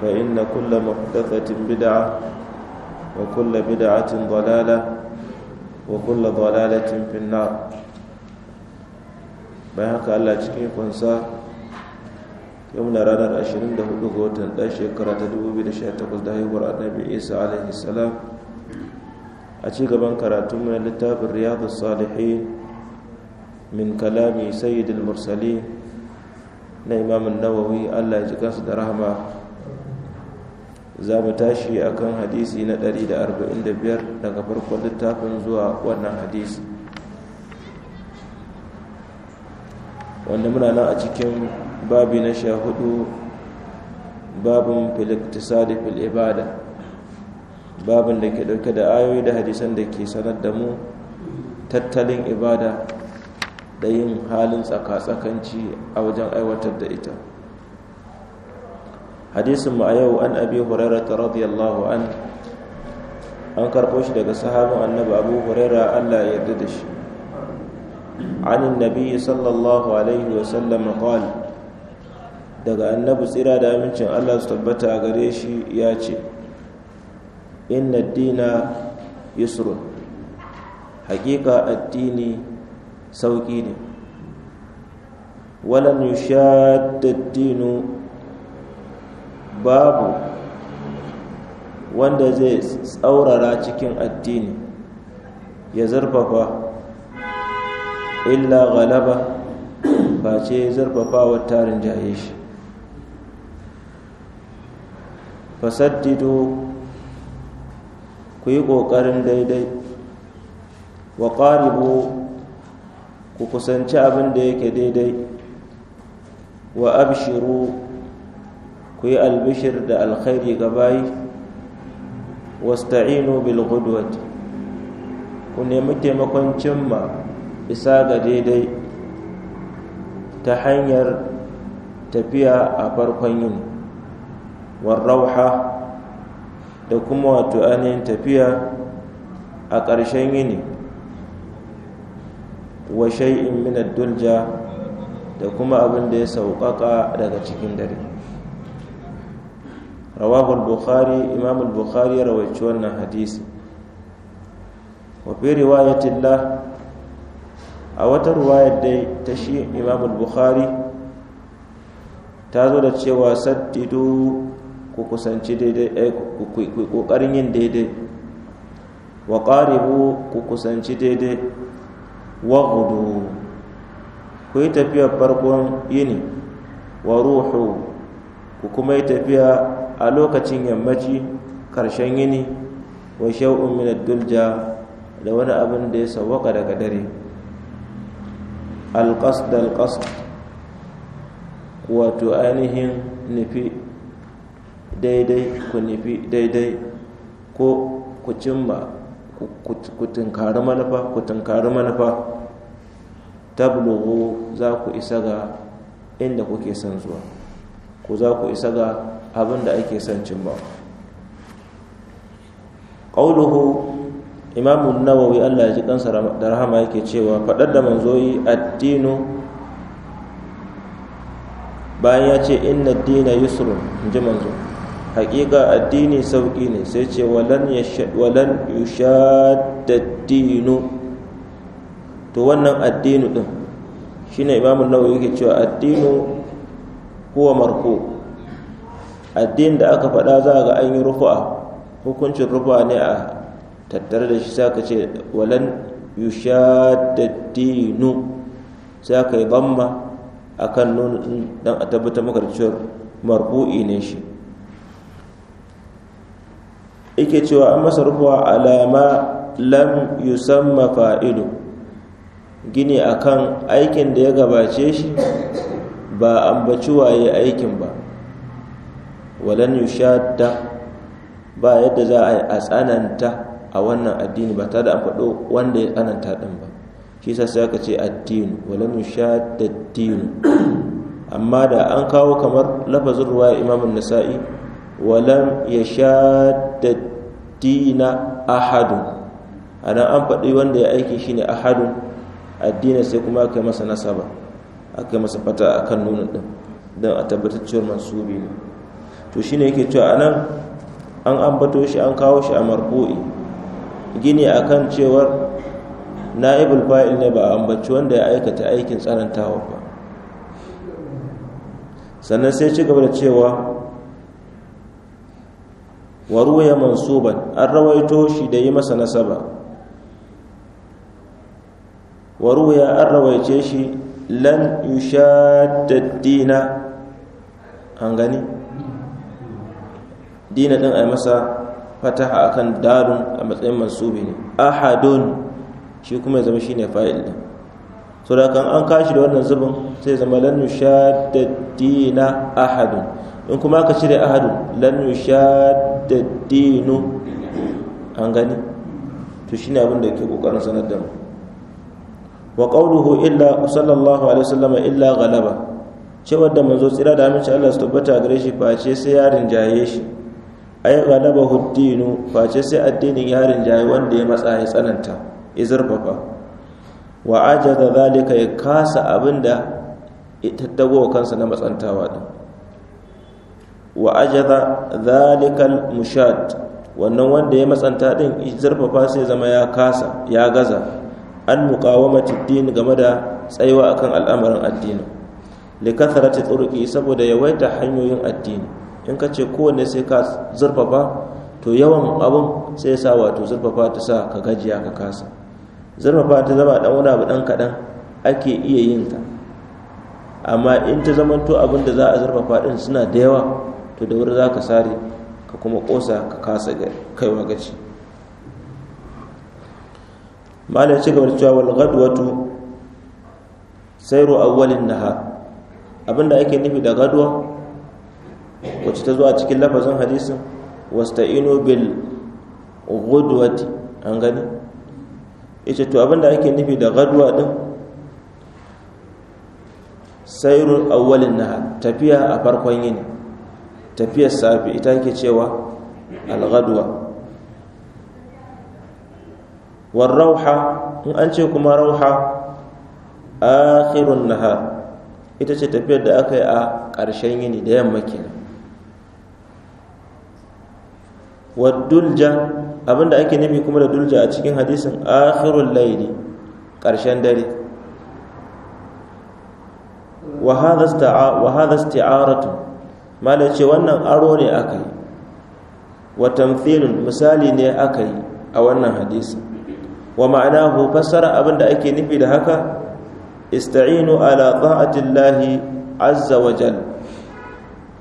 فإن كل محدثة بدعة وكل بدعة ضلالة وكل ضلالة في النار bayan haka ala cikin kunsa yau na ranar 24 ga watan ɗan shekara ta 2018 da haihuwar annabi isa alaihi salam a ci gaban karatun mai littafin riyadu salihin min kalami sayyidul mursali na imamin nawawi Allah ya ji da rahma. za mu tashi kan hadisi na 145 daga farkon littafin zuwa wannan hadisi wanda muna nan a cikin babi na sha hudu babin filiktisadi fil ibada babin da ke dauke da ayoyi da hadisan da ke sanar da mu tattalin ibada da yin halin tsaka-tsakanci a wajen aiwatar da ita hadisin mu a yau an abi hurairah radiyallahu an an karɓo shi daga sahabin annabi abu hurairah Allah ya yarda da shi عن النبي صلى الله عليه وسلم قال daga annabi tsira da amincin Allah su tabbata a gare shi ya ce inna dina yusrun hakika addini sauƙi ne walan yushadda dinu babu wanda zai tsaurara cikin addini ya zarfafa illa galaba ba ce zarfafa wa tarin jaye shi fasaddido ku yi ƙoƙarin daidai wa ƙaribu ku kusanci abin da yake daidai wa abshiru ku yi albishir da alkhairi ga bayi wasta'inu bil ku nemi taimakon cimma isa ga daidai ta hanyar tafiya a farkon yin warrauha da kuma wato ainihin tafiya a ƙarshen yini wa shay'in min dulja da kuma abin da ya sauƙaƙa daga cikin dare rawahu al-bukhari imam bukhari ya rawaici wannan hadisi wa fi riwayatin la a wata ruwayar dai ta shi imam bukhari ta da cewa saddidu ku kusanci daidai eh, ku kokarin yin daidai wa qaribu ku kusanci daidai wa gudu ku yi tafiyar farkon yini wa ruhu ku kuma yi tafiya a lokacin yammaci karshen yini wa shau'un min dulja da wani abin da ya sawwaka daga dare da alƙas wato ainihin nufi daidai ku nufi daidai ko ku cimma ku tunkari manufa ku tunkari manufa tablugu za ku isa ga inda kuke son zuwa ku za ku isa ga abin da ake son cimma ƙauluhu imamun nawawi allah ya ji kansa da rahama yake cewa faɗar da manzoyi addinu bayan ya ce inna dina yusrun in ji manzo haƙiƙa addini sauƙi ne sai ce walan yushadda dinu to wannan addinu ɗin shine imamun nawawi yake cewa addinu kuwa marko addinin da aka faɗa za ga an yi rufu'a hukuncin rufu'a ne a tattare da shi saka ce walan dinu sai ka yi a kan nun dan a tabbatar maka da ne shi ike cewa an masa rufuwa alama lam yusamma fa'ilu gini akan aikin da ya gabace shi ba ambaci waye aikin ba walan yushadda ba yadda za a yi a tsananta a wannan addini ba tare da an faɗo wanda ya tsananta ɗin ba shi sa sai aka ce addini walam yushadda addini amma da an kawo kamar lafazin ruwa imam nasa'i sha da dina ahadun anan an faɗi wanda ya aiki shine ahadun addini sai kuma aka yi masa nasaba aka yi masa fata akan nuna din don a tabbatar cewar mansubi ne to shine yake cewa anan an ambato shi an kawo shi a marfu'i gini akan cewar na'ibul fa'il ne ba ambaci wanda ya aikata aikin tsanantawa ba sannan sai ci gaba da cewa wa ruwaya mansuban an rawaito shi da yi masa nasaba wa ruwaya an rawaice shi lan yushaddina an gani dina din a masa fataha akan darun a matsayin mansubi ne ahadun shi kuma ya zama ne fa'il din so da kan an kashi da wannan zubin sai zama "Lannu Dina, nushaddadina ahadun in kuma aka cire ahadun da nushaddadinu an gani to ne abin da ke kokarin sanar da mu wa qawluhu illa sallallahu alaihi wasallam illa ghalaba cewa da manzo tsira da aminci Allah su tabbata gare shi face sai ya rinjaye shi ay na ad-dinu face sai addinin yarin jayi wanda ya matsa ya tsananta ya zarfafa wa da zalika ya kasa abinda ya tattago kansa na matsantawa ɗin wa da zalikan mushad wannan wanda ya matsanta din zarfafa sai zama ya kasa ya gaza an muqawamati din game da tsayuwa akan al'amarin addini likasarar ta tsurki saboda yawaita hanyoyin addini in ka ce kowanne sai ka zurfafa to yawan abun sai sa wato zurfafa ta sa ka gajiya ka kasa zurfafa ta zama dan wani abu dan kadan ake iya yin ta amma in ta zamanto abin da za a zurfafa din suna da yawa to da wuri za ka sare ka kuma kosa ka kasa kaiwa gaci malam ci gaba da cewa wal gadwatu sayru awwalin nahar abinda ake nufi da gadwa wacce ta zo a cikin lafazin hadisin ino bil ghudwati an gani ce, to abinda ake nufi da gadwa din Sairun awalin na tafiya a farkon yini tafiyar safi ita ake cewa al gadwa war rauha in an ce kuma rauha akhirun nahar ita ce tafiyar da aka yi a ƙarshen yini da yamma kenan wa abinda ake nufi kuma da dulja a cikin hadisin akhirul laili ƙarshen dare wa hadha isti'aratu mala ce wannan aro ne akai wa tamthilun misali ne akai a wannan hadisi wa ma'anahu fassara abinda ake nufi da haka ista'inu ala ta'atillahi azza wa jalla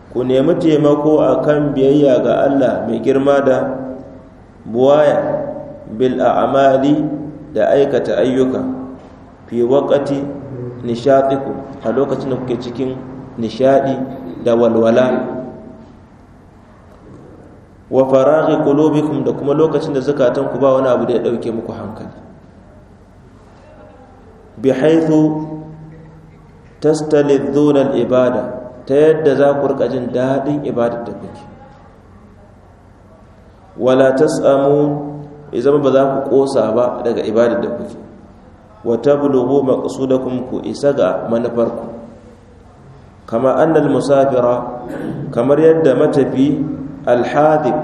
ku nemi taimako a kan biyayya ga Allah mai girma da buwaya bil a'mali da aikata ayyuka fi waƙati nishaɗiku a lokacin da kuke cikin nishaɗi da walwala wa faraghi qulubikum da kuma lokacin da ku ba wani abu da ya ɗauke muku hankali bi haythu tastalidhuna al-ibada ta yadda za ku rika jin daɗin ibadar da kuke wala tasamu ya zama ba za ku ƙosa ba daga ibadar da kuke wa tablughu maqsudakum ku isa ga manufarku kama annal musafira kamar yadda matafi alhadib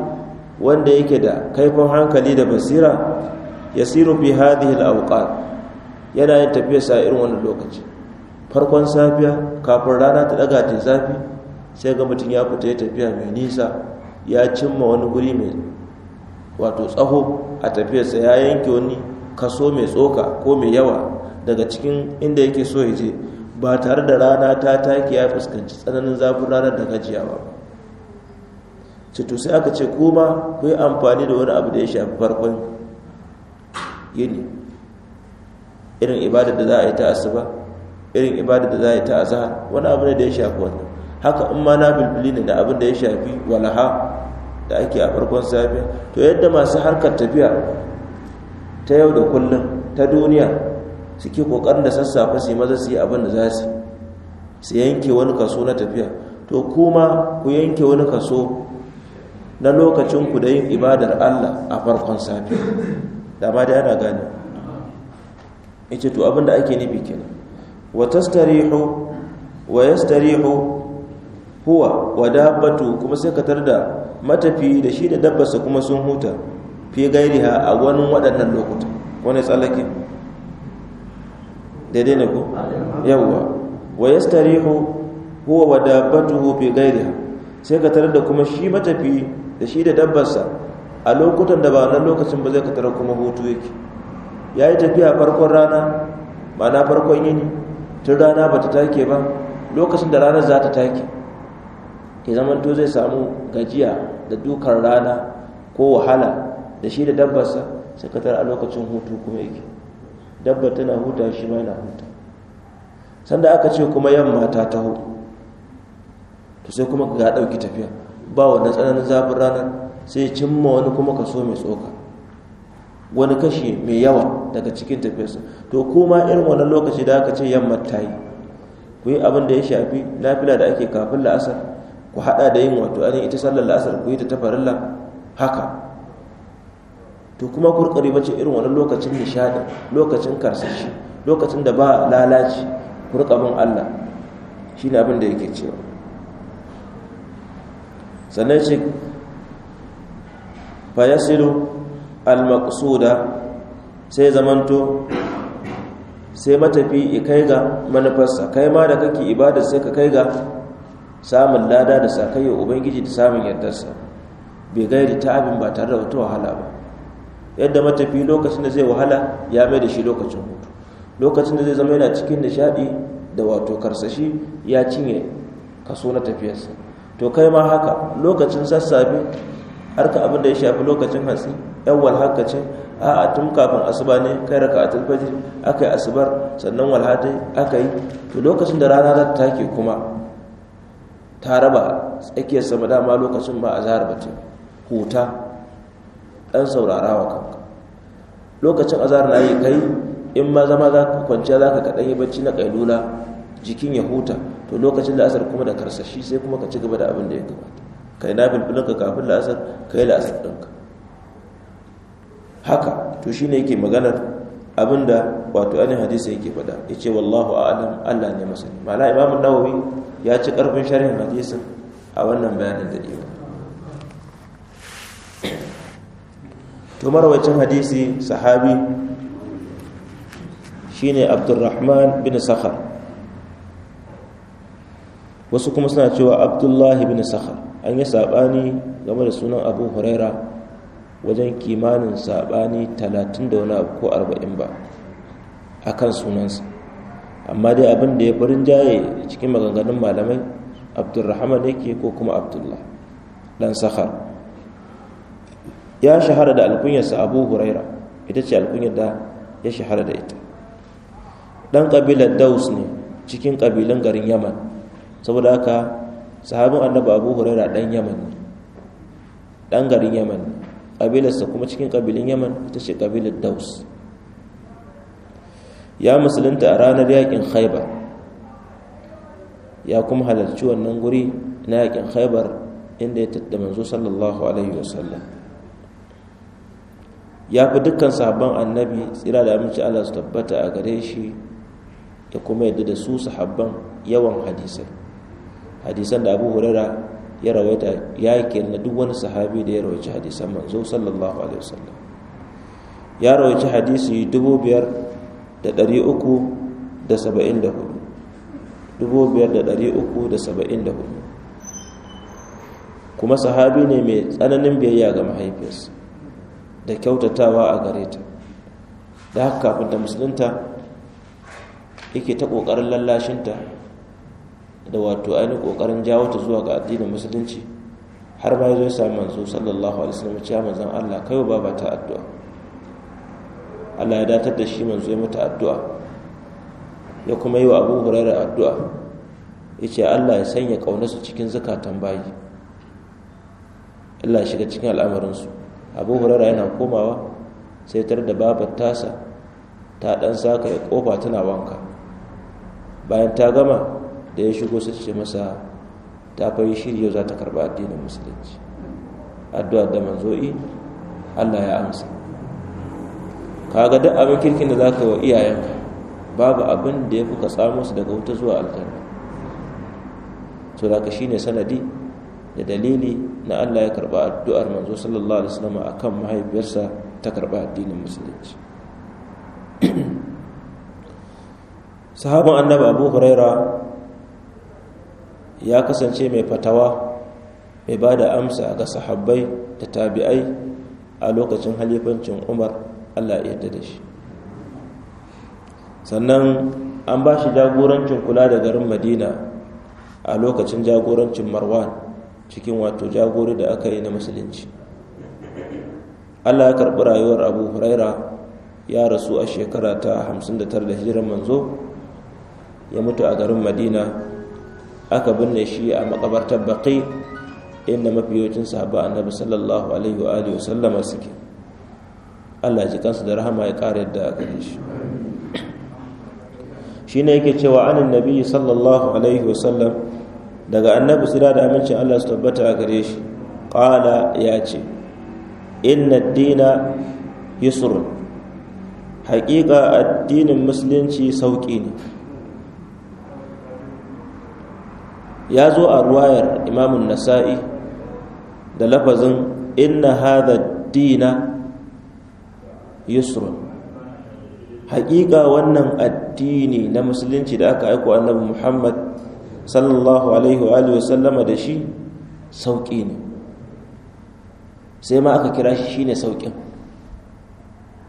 wanda yake da kaifin hankali da basira yasiru fi hadhihi alawqat yana yin sa irin wannan lokaci farkon safiya kafin rana ta daga ta zafi sai ga mutum ya fita ya tafiya mai nisa ya cimma wani guri mai wato tsaho a tafiyarsa ya yanke wani kaso mai tsoka ko mai yawa daga cikin inda yake so ya je ba tare da rana ta take ya fuskanci tsananin zafin ranar da gajiyawa ba to sai aka ce kuma ku yi amfani da wani abu da ya shafi farkon yini irin ibadar da za a yi ta asuba irin ibada da za a yi ta azahar wani abu ne da ya shafi wani haka in ma na bilbili ne da abin da ya shafi walaha da ake a farkon safiya to yadda masu harkar tafiya ta yau da kullum ta duniya suke kokarin da sassafe su yi maza su yi abin da za su su yanke wani kaso na tafiya to kuma ku yanke wani kaso na lokacin ku da yin ibadar Allah a farkon safiya da ma dai ana gane ita to abin da ake nufi kenan wa tastarihu wa yastarihu huwa wa dabbatu kuma sai ka tarda matafi da shi da dabbarsa kuma sun huta fi gairiha a wani waɗannan lokuta wani tsallake daidai ne ko yawwa wa yastarihu huwa wa dabbatuhu fi gairiha sai ka tarda kuma shi matafi da shi da dabbarsa a lokutan da ba nan lokacin ba zai ka kuma hutu yake ya yi tafiya farkon rana ma'ana farkon yini tun rana ba ta take ba lokacin da ranar za ta take ya to zai samu gajiya da dukar rana ko wahala da shi da dabbarsa sakatar a lokacin hutu kuma yake dabbar tana huta shi ma yana huta sanda aka ce kuma yamma ta taho to sai kuma ga ɗauki tafiya ba wannan tsananin zafin ranar sai cimma wani kuma kaso mai tsoka wani kashi mai yawa daga cikin tafiyarsa to kuma irin wani lokaci da aka ce yamma ta yi ku yi abin da ya shafi nafila da ake kafin la'asar ku haɗa da yin wato ainihin ita sallar la'asar ku yi ta tafarin la haka to kuma kurkure bace irin wani lokacin nishaɗi, lokacin karsashi lokacin da ba lalaci kurkabin Allah Shi ne abin da yake cewa sannan shi fayasiru al-maqsuda sai zamanto sai matafi ya kai ga manufarsa kai ma da kake ibada sai ka kai ga samun lada da sakayya ubangiji da samun yardarsa bai gairi ta abin ba tare da wata wahala ba yadda matafi lokacin da zai wahala ya mai da shi lokacin hutu lokacin da zai zama yana cikin nishadi da wato karsashi ya cinye kaso na tafiyarsa to kai ma haka lokacin sassafe harka abin da ya shafi lokacin hatsi yan walhaka ce a tun kafin asuba ne kai raka a tulfajir aka yi asubar sannan walhata aka yi to lokacin da rana za ta take kuma ta raba tsakiyar sama dama lokacin ba a zahar bace huta ɗan saurara wa kanka lokacin azahar na yi kai in ma zama za ka kwanciya za ka kaɗan yi bacci na ƙailula jikin ya huta to lokacin da asar kuma da karsashi sai kuma ka ci gaba da abin da ya gabata kai na filfilinka kafin la'asar kai la'asar ɗinka haka to shi ne yake maganar abinda wato ainihin hadisi yake faɗa ya ce wallahu adam allah ne masani mala imamun nawawi ya ci ƙarfin sharhin hadisin a wannan bayanin da ba. to marwacin hadisi sahabi shine abdurrahman bin sakhar wasu kuma suna cewa abdullahi bin sakhar an yi saɓani game da sunan abu huraira wajen kimanin saɓani talatin da wani abu ko arba'in ba a kan sunansa amma dai abin da ya farin jaye cikin maganganun malamai abdulrahman yake ko kuma abdullah dan sahar ya shahara da alkunyarsa abu huraira ita ce alkunyar da ya shahara da ita dan kabilar daus ne cikin kabilan garin yaman saboda haka sahabin annabi abu huraira dan yaman dan garin yaman ne kuma cikin kabilin yaman ita ce kabilar daus ya musulunta a ranar yakin khaibar ya kuma halarci wannan guri na yakin khaibar inda ya tattda manzo sallallahu alaihi wasallam ya fi dukkan sahabban annabi tsira da aminci Allah su tabbata a gare shi ya kuma yadda da su sahabban yawan hadisai hadisan da abu hurara ya rawaita ya yi na duk wani sahabi da ya rawaci hadisan manzo sallallahu alaihi wasallam ya rawaci hadisi dubu biyar da ɗari uku da saba'in da hudu dubu biyar da ɗari uku da saba'in da hudu kuma sahabi ne mai tsananin biyayya ga mahaifiyarsa da kyautatawa a gare ta da haka kafin ta musulunta yake ta ƙoƙarin lallashinta da wato ainihin kokarin jawo ta zuwa ga addinin musulunci har ma ya zo ya samu manzo sallallahu alaihi wasallam cewa manzon Allah kai ba ba ta addu'a Allah ya datar da shi manzo ya mata addu'a ya kuma yi wa Abu Hurairah addu'a yace Allah ya sanya su cikin zakatan bayi Allah ya shiga cikin su Abu Hurairah yana komawa sai tar da babar tasa ta dan saka ya kofa tana wanka bayan ta gama da ya shigo su ce masa ta fari shirya za ta karba addinin musulunci addu'a da manzo'i Allah ya amsa kaga duk abin kirkin da za ka wa iyayenka babu abin da ya fi ka samu su daga wuta zuwa aljanna to shi ne sanadi da dalili na Allah ya karba addu'ar manzo sallallahu alaihi wasallam kan mahaifiyarsa ta karba addinin musulunci Sahabin annabi Abu Huraira ya kasance mai fatawa mai ba da amsa ga sahabbai da tabi'ai a lokacin halifancin umar allah yadda da shi sannan an ba shi jagorancin kula da garin madina a lokacin jagorancin marwan cikin wato jagori da aka yi na musulunci allah ya karɓi rayuwar abu huraira ya rasu a shekara ta 59 da hijirar manzo ya mutu a garin madina aka binne shi a makabartar baƙi inda mafiyocin sahaba annabi sallallahu alaihi wa alihi sallama suke Allah ji kansu da rahama ya ƙara yadda a gare shi shine yake cewa anin nabiyyi sallallahu alaihi wa sallam daga annabi sira da amincin Allah su tabbata a gare shi qala ya ce inna ad-dina yusrun haƙiƙa addinin musulunci sauƙi ne ya zo a ruwayar imamun nasa'i da lafazin inna hadha dina Yusru. haƙiƙa wannan addini na musulunci da aka aiko annabi muhammad sallallahu alaihi wa sallama da shi sauƙi ne sai ma aka kira shi shine sauƙin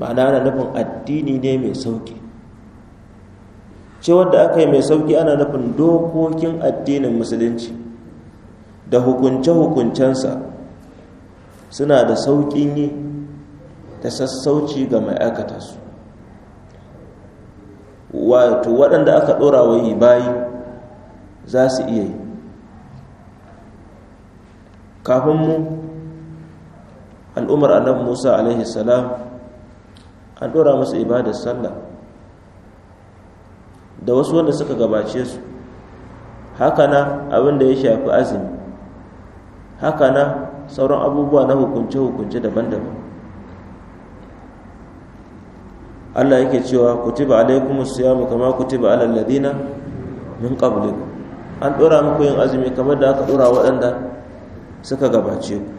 ma'ana ana nufin addini ne mai sauƙi ce wanda aka yi mai sauki ana nufin dokokin addinin musulunci da hukunce-hukuncensa suna da sauƙin yi ta sassauci ga mai aikata su wato waɗanda aka ɗora wa yi bayi za su iya yi kafin mu al'ummar annabi musa alaihi an ɗora masa ibadar sallah da wasu wanda suka gabace su hakana abin da ya shafi azumi hakana sauran abubuwa na hukunce-hukunce daban-daban Allah yake cewa kutiba as siyamu kama kutiba alal ladina min qablikum an dora muku yin azumi kamar da aka dora waɗanda suka gabace ku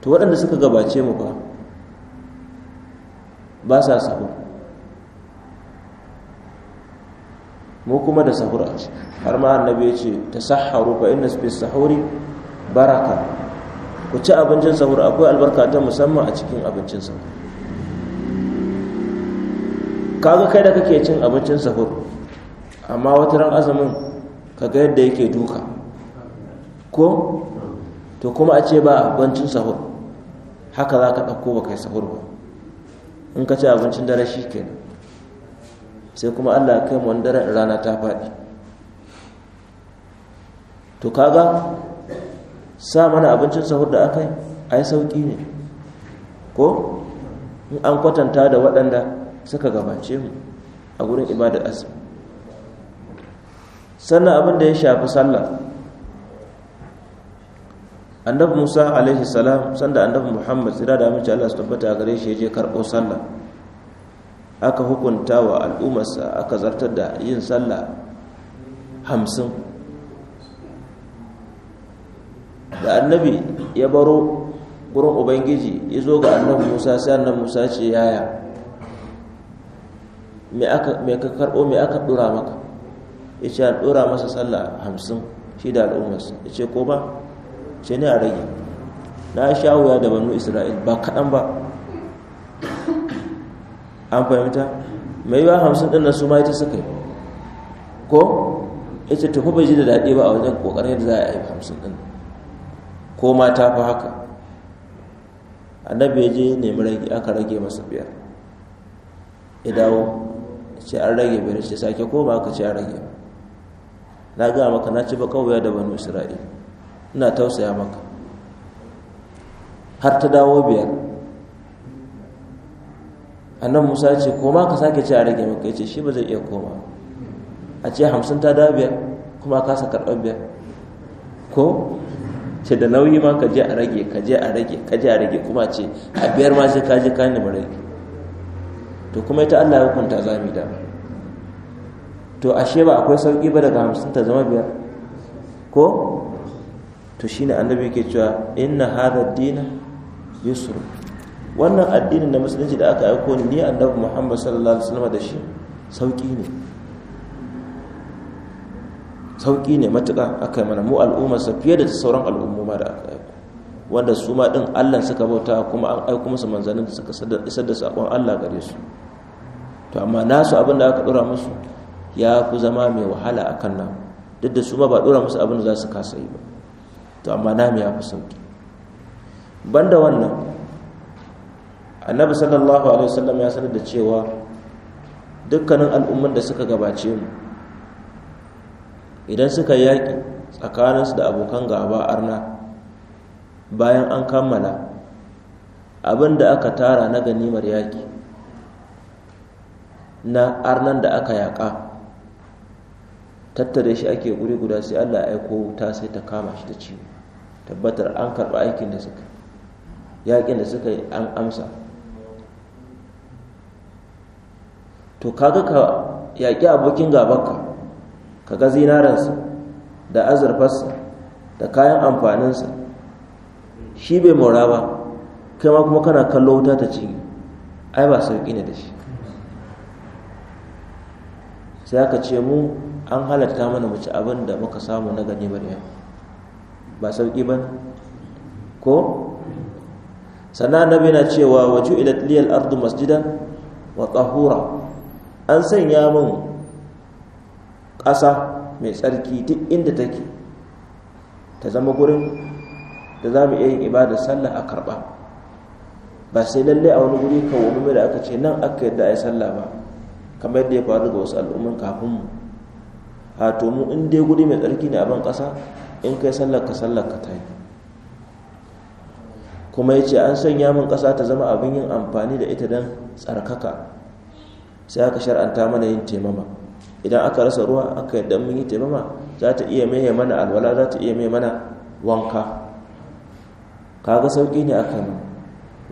to waɗanda suka gabace mu ba ba sa sabo mu kuma da sahur a ci har ma annabi ya ce ta saharu ba inna fi sahuri baraka ku ci abincin sahur akwai albarka ta musamman a cikin abincin sahur kaga kai da kake cin abincin sahur amma wata ran azumin kaga yadda yake duka ko to kuma a ce ba abincin sahur haka za ka ɗauko ba kai sahur ba in ka ci abincin dare shi kenan sai kuma Allah ya kai wani daren rana ta faɗi to kaga sa mana abincin sahur da aka yi ai sauƙi ne ko in an kwatanta da waɗanda suka gabace mu a gurin ibadar azumi sannan abin da ya shafi sallah annabi musa alaihi salam sanda annabi muhammad tsira da amince allah su tabbata a gare shi ya je karɓo sallah aka hukunta wa al'ummarsa aka zartar da yin sallah hamsin da annabi ya baro gurin ubangiji ya zo ga annabi musa sai annabi musa ce yaya me ka karɓo me aka ɗora maka ya ce an ɗora masa sallah hamsin shi da al'ummarsa ya ce ko ba ce ne a rage na sha wuya da banu isra'il ba kaɗan ba an fahimta mai yiwa hamsin ɗin na su ma ita suka yi ko ita tafi bai ji da daɗi ba a wajen ƙoƙarin yadda za a yi hamsin ɗin ko ma ta fi haka annabi ya je nemi rage aka rage masa biyar ya dawo ce an rage biyar ce sake koma aka ce an rage na ga maka na ci ba kawai da banu isra'ila ina tausaya maka har ta dawo biyar annan musa ce koma ka sake ce a rage maka ce shi ba zai iya koma a ce hamsin ta da biyar kuma kasa karɓar biyar ko ce da nauyi ma ka je a rage ka je a rage ka je a rage kuma ce a biyar ma sai ka je ka nemi rage to kuma ita Allah ya hukunta za mu da to ashe ba akwai sauki ba daga hamsin ta zama biyar ko to shine annabi yake cewa inna hadha dina yusrun wannan addinin na musulunci da aka aiko ni annabi muhammad sallallahu alaihi wasallam da shi sauki ne sauki ne matuƙa aka mana mu al'umma sa fiye da sauran al'umma da aka aiko wanda su ma din Allah suka bauta kuma an aiko musu manzannin da suka isar da sakon Allah gare su to amma nasu abin da aka dora musu ya fi zama mai wahala akan nan duk da su ma ba dora musu abin da za su kasa yi ba to amma namu ya fi sauki banda wannan annabi sallallahu alaihi wasallam ya sanar da cewa dukkanin al'umman da suka gabace mu idan suka yaƙi tsakaninsu da abokan gaba arna bayan an kammala abin da aka tara na ganimar yaƙi na arnan da aka yaƙa tattare shi ake guri guda sai allah aiko wuta sai ta kama shi da ciwo tabbatar an karɓi aikin da suka yaƙin da suka yi an amsa to kaga ka yaƙi abokin gabanka ka ga zinaransa da azurfarsa da kayan amfaninsa shi bai mora ba kai ma kuma kana kallo wuta ta ci ai ba sauƙi ne da shi sai aka ce mu an halatta mana mace abin da muka samu na gani maryam ba sauƙi ba ko sannan annabi na cewa waju ila liyal ardu masjidan wa tahura an sanya min ƙasa mai tsarki duk inda take ta zama gurin da za mu iya yin ibada sallah a karɓa ba sai lallai a wani guri kan wani da aka ce nan aka yadda a yi sallah ba kamar yadda ya faru ga wasu al'umman kafin mu a mu in dai guri mai tsarki ne a ban ƙasa in kai sallar ka sallar ka ta yi kuma ya ce an sanya min ƙasa ta zama abin yin amfani da ita don tsarkaka sai aka shar'anta mana yin taimama idan aka rasa ruwa aka yadda mun yi taimama za ta iya maye mana alwala za ta iya maye mana wanka kaga sauki ne a yi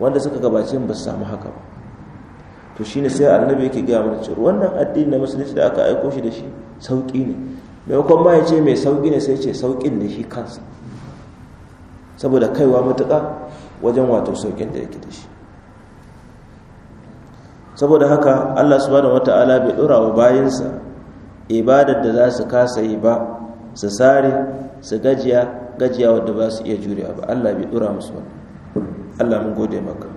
wanda suka gabace ba su samu haka ba to shine sai annabi yake gaya mana cewa wannan addini na musulunci da aka aiko shi da shi sauki ne maimakon ma ya ce mai sauki ne sai ce saukin da shi kansa saboda kaiwa matuƙa wajen wato saukin da yake da shi saboda haka Allah subhanahu ala bai dora wa bayansa ibadar da za su kasa yi ba su sare su gajiya gajiya wadda ba su iya juriya ba Allah bai dora musu wani Allah mun gode maka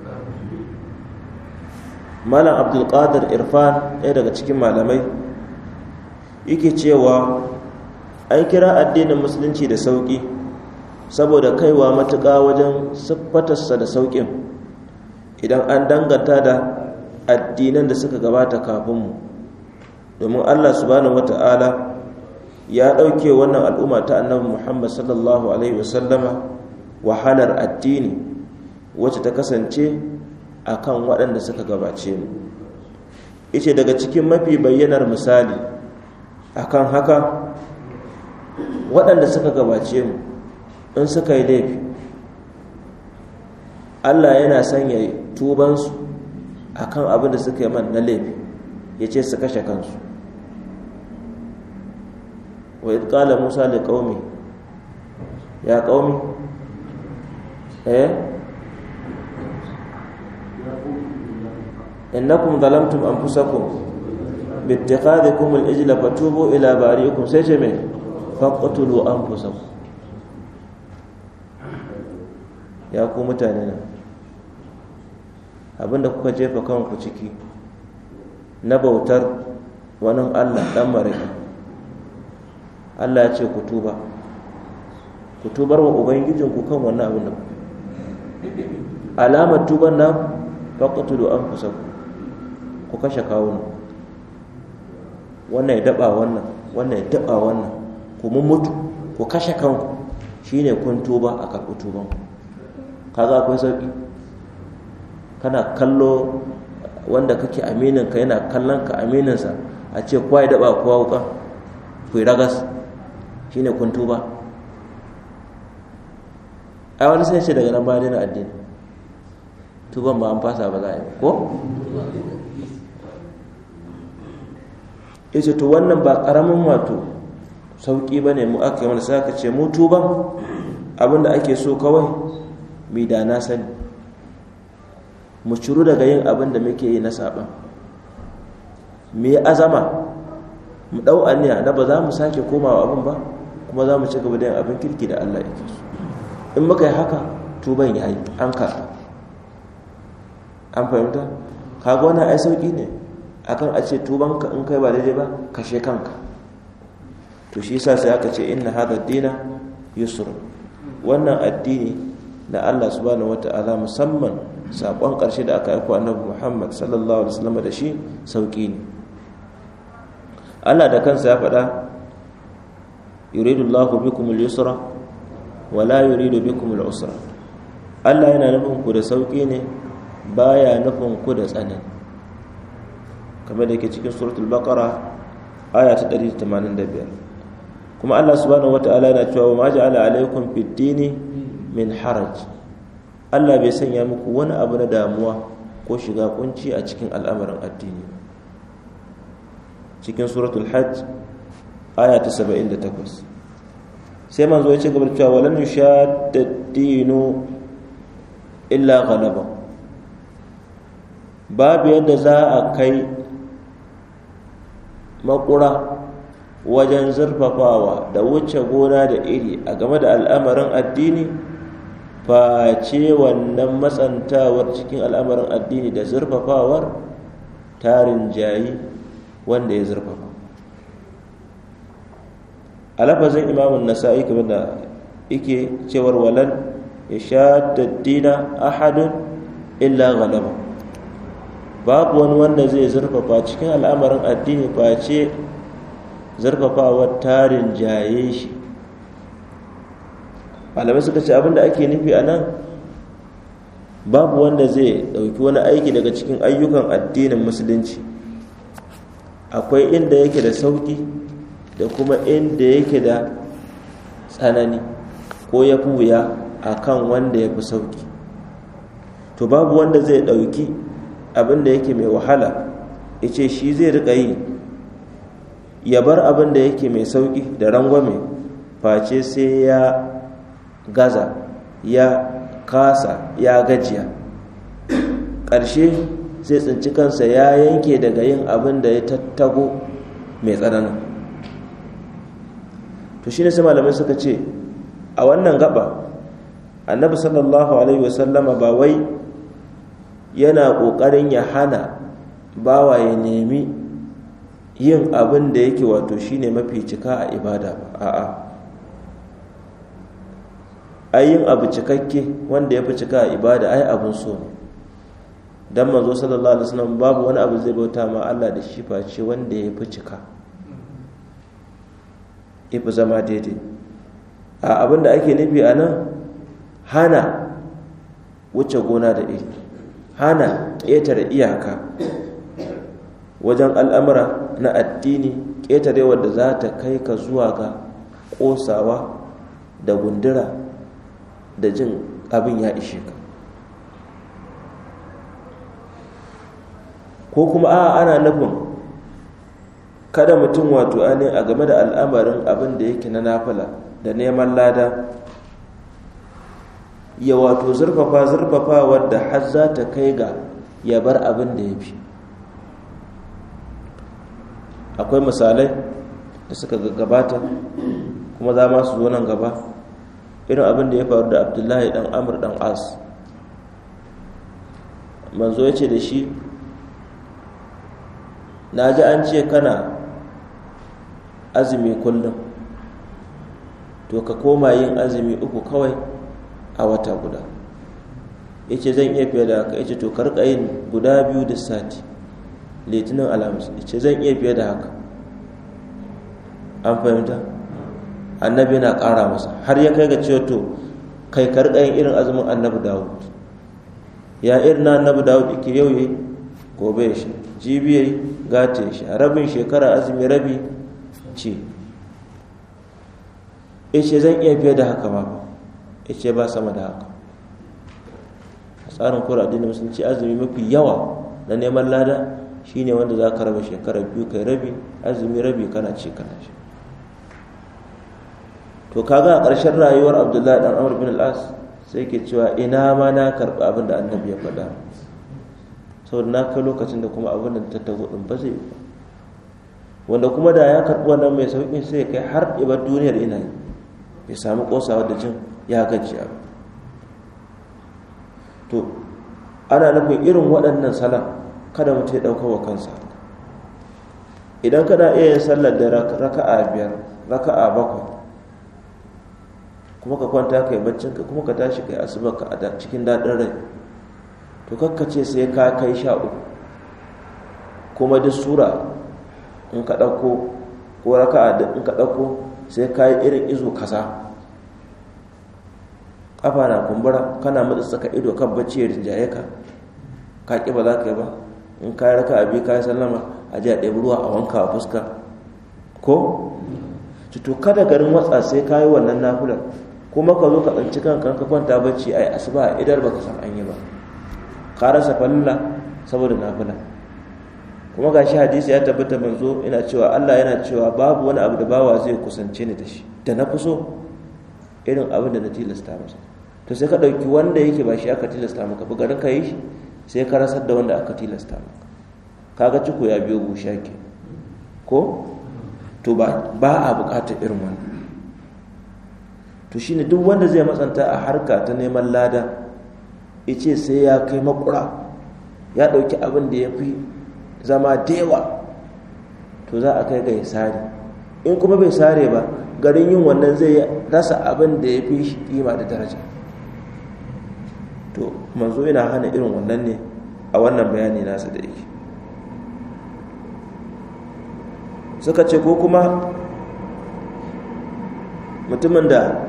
Malam Abdul Irfan ɗaya daga cikin malamai yake cewa an kira addinin musulunci da sauƙi saboda kaiwa matuƙa wajen siffatarsa da sauƙin idan an danganta da addinan da suka gabata kafinmu domin allah subhanahu wata'ala ya ɗauke wannan al'umma ta annabi muhammad sallallahu alaihi wasallama wahalar addini wacce ta kasance a kan waɗanda suka gabace mu ita daga cikin mafi bayyanar misali a kan haka waɗanda suka gabace mu in suka yi laifi allah yana sanya tubansu akan abin da suka yi man na laifi ya ce su kashe kansu wa idh qala musa li qaumi ya qaumi eh innakum zalamtum anfusakum ila bariikum sai ce anfusakum ya ku mutane na abinda kuka jefa kanku ciki na bautar wani allah dan mariki allah ya ce ku tuba ku tubar wa ubangijinku kan wannan abin da alamar tuban na faƙatulu an kusa ku kashe kawunan wannan ya daba wannan wannan ya daba wannan ku mutu ku kashe kanku shine kun tuba a karɓi tuban kaga akwai sauƙi kana kallo wanda kake aminin ka yana kallon ka amininsa a ce kowa ya daba kowa wuka ku yi ragas shine kun tuba a wani sai ce daga nan ba daina addini tuban ba an fasa ba za a yi ko ce to wannan ba karamin wato sauki ba ne mu aka yi wani sai aka ce mu tuban abinda ake so kawai mai da na sani mu ciru daga yin abin da muke yi na saɓan mu yi azama mu ɗau aniya na ba za mu sake komawa abin ba kuma za mu ci gaba da yin abin kirki da Allah yake so in muka yi haka tuban ya yi an ka an fahimta kaga wannan ai sauƙi ne akan a ce tuban ka in kai ba daidai ba kashe kanka to shi yasa sai aka ce inna hadha dina yusr wannan addini na Allah subhanahu wata'ala musamman saƙon ƙarshe da aka aiko annabi muhammad sallallahu alaihi wasallam da shi sauƙi ne allah da kansa ya faɗa yuridu allahu bikum al-yusra wa la yuridu bikum al-usra allah yana nufin ku da sauƙi ne baya nufin ku da tsanani kamar da ke cikin suratul baqara aya ta 185 kuma allah subhanahu wataala yana cewa wa ma ja'ala alaikum fid dini min haraj Allah bai sanya muku wani abu na damuwa ko shiga kunci a cikin al'amarin addini cikin suratul hajj aya ta 78 sai manzo ya ce gaba da cewa walan yushadda illa ghalaba babu yadda za a kai makura wajen zurfafawa da wuce gona da iri a game da al'amarin addini face wannan matsantawar cikin al'amarin addini da zurfafawar tarin jayi wanda ya zurfafa a lafazin imamun nasa'i kamar da ike cewar walan ya sha daddina ahadun illa galaba babu wani wanda zai zurfafa cikin al'amarin addini face zurfafawar tarin jaye shi malamai suka ce abinda ake nufi a nan babu wanda zai ɗauki wani aiki daga cikin ayyukan addinin musulunci akwai inda yake da sauƙi da kuma inda yake da tsanani ko ya fi wuya a kan wanda ya fi sauƙi to babu wanda zai ɗauki abin da yake mai wahala ya ce shi zai riƙa yi ya bar abinda yake mai sauƙi da rangwame face sai ya gaza ya kasa ya gajiya ƙarshe sai tsinci kansa ya yanke daga yin abin da ya tattago mai tsananin to shi ne su malamai suka ce a wannan gaba annabi sallallahu alaihi wasallama ba wai yana ƙoƙarin ya hana bawa ya nemi yin abin da yake wato shi ne mafi cika a ibada ba a'a ayin abu cikakke wanda ya fi cika a ibada ai abun so ne dan manzo sallallahu alaihi wasallam babu wani abu zai bauta ma Allah da shi face wanda ya fi cika ifi zama daidai a abin ake nufi a nan hana wuce gona da iri hana ƙetare iyaka wajen al'amura na addini ƙetare wadda za ta kai ka zuwa ga ƙosawa da gundura da jin abin ya ishe ka ko kuma a ana nufin kada mutum wato ne a game da al'amarin abin da yake na nafala da neman lada ya wato zurfafa zurfafa wadda har za ta kai ga ya bar abin da ya fi akwai misalai da suka gabata kuma za masu su zo nan gaba irin abin da ya faru da abdullahi dan amur dan as manzo ya ce da shi na ji an ce kana azumi kullum to ka koma yin azumi uku kawai a wata guda ya ce zan iya fiye da haka ya ce to karka yin guda biyu da sati litinin alhamis ya ce zan iya fiye da haka an fahimta annabi yana ƙara masa har ya kai ga ceto kai ka riƙa yin irin azumin annabi dawud ya irin na annabi dawud ke yau yi gobe ya sha gata ya sha rabin shekara azumi rabi ce ce zan iya fiye da haka ya ce ba sama da haka tsarin kura addinin musulunci azumi mafi yawa na neman lada shine wanda za ka raba shekara biyu kai rabi azumi rabi kana ce kana shi to kaga a ƙarshen rayuwar abdullahi dan amur bin al sai ke cewa ina ma na karɓi abin da annabi ya faɗa saboda na kai lokacin da kuma abin da ta ba zai ba wanda kuma da ya karɓi wannan mai sauƙi sai kai har ibar duniyar ina yi bai samu ƙosawa da jin ya gaji abu to ana nufin irin waɗannan salan kada mutum ya ɗauka wa kansa idan kana iya yin sallar da raka'a biyar raka'a bakwai kuma ka kwanta ka yi ka kuma ka tashi ka yi asuba ka a cikin daɗin rai to kakka ce sai ka kai sha uku kuma duk sura in ka ɗauko ko a da in ka ɗauko sai ka yi irin izo kaza ƙafa na kumbura kana matsa saka ido kan bacci ya rinjaye ka ka ƙi ba za ka yi ba in ka yi a biyu ka yi sallama a ji a ɗebi ruwa a wanka a fuska ko to kada garin watsa sai ka yi wannan nafular kuma ka zo ka tsanci kanka ka kwanta bacci ai asuba idar baka san an yi ba ka rasa falla saboda nafila kuma gashi hadisi ya tabbata manzo ina cewa Allah yana cewa babu wani abu da bawa zai kusance ni da shi da na kuso irin abin da na tilasta masa to sai ka ɗauki wanda yake ba shi aka tilasta maka ba garin ka yi shi sai ka rasar da wanda aka tilasta maka kaga ciko ya biyo busha ke ko to ba a bukatar irin wannan to shi ne duk wanda zai matsanta a harka ta neman lada ya ce sai ya kai makura ya ɗauki abin da ya fi zama dewa to za a kai ga ya sare in kuma bai sare ba garin yin wannan zai rasa abin da ya fi shi kima da daraja to manzo yana hana irin wannan ne a wannan bayani nasa da yake suka ce ko kuma mutumin da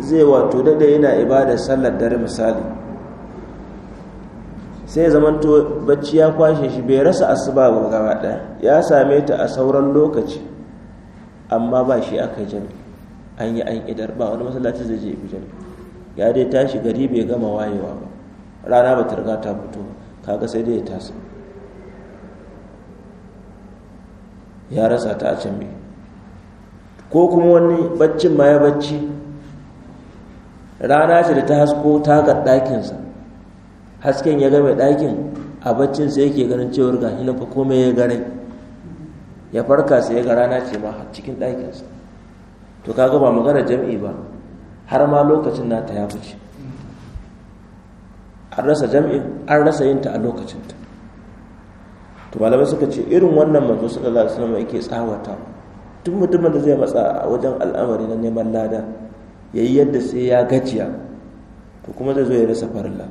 zai wato dade yana ibadar sallar dare misali sai zamanto bacci ya kwashe shi bai rasa asuba ba gaba daya ya same ta a sauran lokaci amma ba shi aka jami an yi an idar ba wani masallaci zai je ibi jami ya dai tashi gari bai gama wayewa ba rana ba ta riga ta fito kaga sai dai ya tasa ya rasa ta a can ko kuma wani baccin ma ya bacci rana ce da ta hasko tagar ɗakinsa hasken ya gama ɗakin a sai yake ganin cewar ga hinin fa komai ya gare ya farka sai ya ga rana ce ma a cikin ɗakinsa to kaga ba magana jam'i ba har ma lokacin nata ya fice an rasa jam'i an rasa yinta a lokacinta to malamai suka ce irin wannan manzo sallallahu alaihi wasallam yake tsawata duk mutumin da zai matsa a wajen al'amari na neman lada ya yi yadda sai ya gajiya to kuma zai zo ya rasa farilla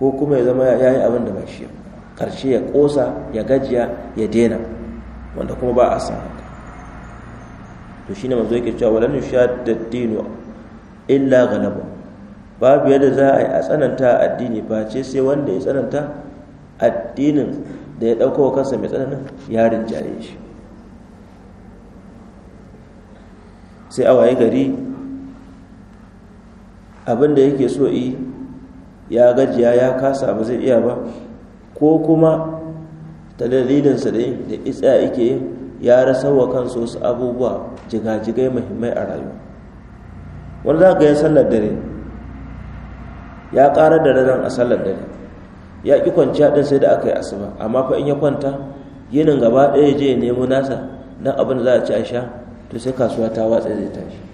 ko kuma ya zama ya yi abin da ba shi karshe ya ƙosa ya gajiya ya dena wanda kuma ba a san haka to shi ne mazo yake cewa walan da dinu illa galaba babu yadda za a yi a tsananta addini ce sai wanda ya tsananta addinin da ya ɗauko kansa mai tsananin ya rinjaye shi sai a waye gari abin da yake so yi ya gajiya ya kasa ba zai iya ba ko kuma ta dalilinsa da da isa yake ya rasa wa kansu wasu abubuwa jigajigai muhimmai a rayuwa wani za ga yin sallar dare ya ƙara da ranar a sallar dare ya ƙi kwanciya haɗin sai da aka yi asuba amma fa in ya kwanta yinin gaba ɗaya je ya nemo nasa na abin da za a ci a sha to sai kasuwa ta watsa zai tashi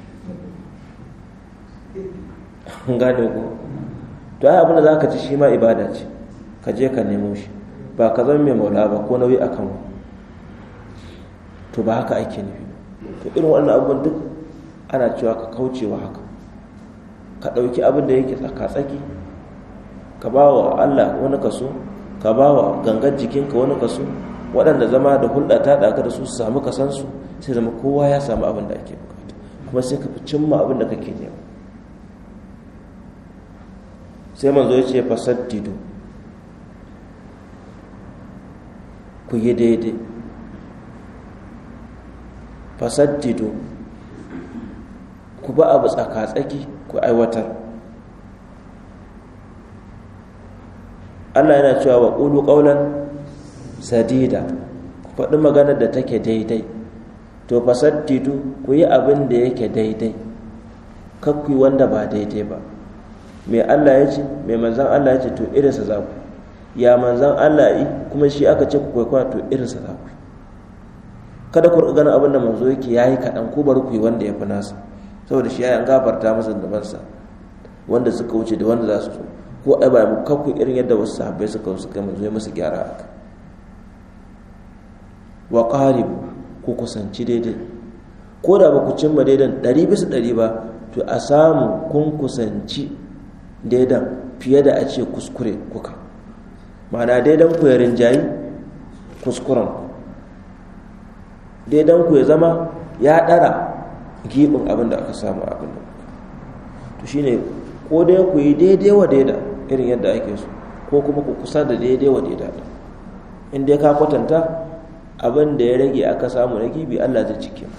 an to ai abin da za ka ci shi ma ibada ce ka je ka nemo shi ba ka zama mai maula ba ko nauyi akan wa to ba haka ake nufi to irin wannan abubuwan duk ana cewa ka kaucewa haka ka ɗauki abin da yake tsaka-tsaki ka ba wa Allah wani kaso ka ba wa gangar jikinka wani kaso waɗanda zama da hulɗa ta ɗaga da su su samu kasansu sai zama kowa ya samu abin da ake bukata kuma sai ka fi cimma abin da kake nema sai manzo ya ce fasaddidu ku yi daidai fasaddidu ku ba abu tsaka-tsaki ku aiwatar Allah yana cewa wa ƙulu ƙaunar sadida ku faɗi maganar da take daidai to fasaddidu ku yi abin da yake daidai kakku wanda ba daidai ba mai Allah ya ce mai manzan Allah ya ce to irinsa za ku ya manzan Allah yi kuma shi aka ce ku kwaikwa to irinsa za ku kada ku ganin abin da manzo yake yayi kaɗan ko bari ku yi wanda ya fi nasa saboda shi ya an gafarta masa zunubansa wanda suka wuce da wanda za su so ko ai ba mu kakku irin yadda wasu sahabbai suka wasu kai manzo ya musu gyara haka wa qaribu ku kusanci daidai ko da ba ku cimma daidan ɗari bisa ɗari ba to a samu kun kusanci daidan fiye da a ce kuskure kuka ma'ana daidan ku ya rinjayi kuskuren daidan ku ya zama ya ɗara gibin abin da aka samu abin da to shi ne ko dai ku yi daidai wa daida irin yadda ake so ko kuma ku kusa da daidai wa daida in dai ka kwatanta abin da ya rage aka samu na gibi Allah zai cike mu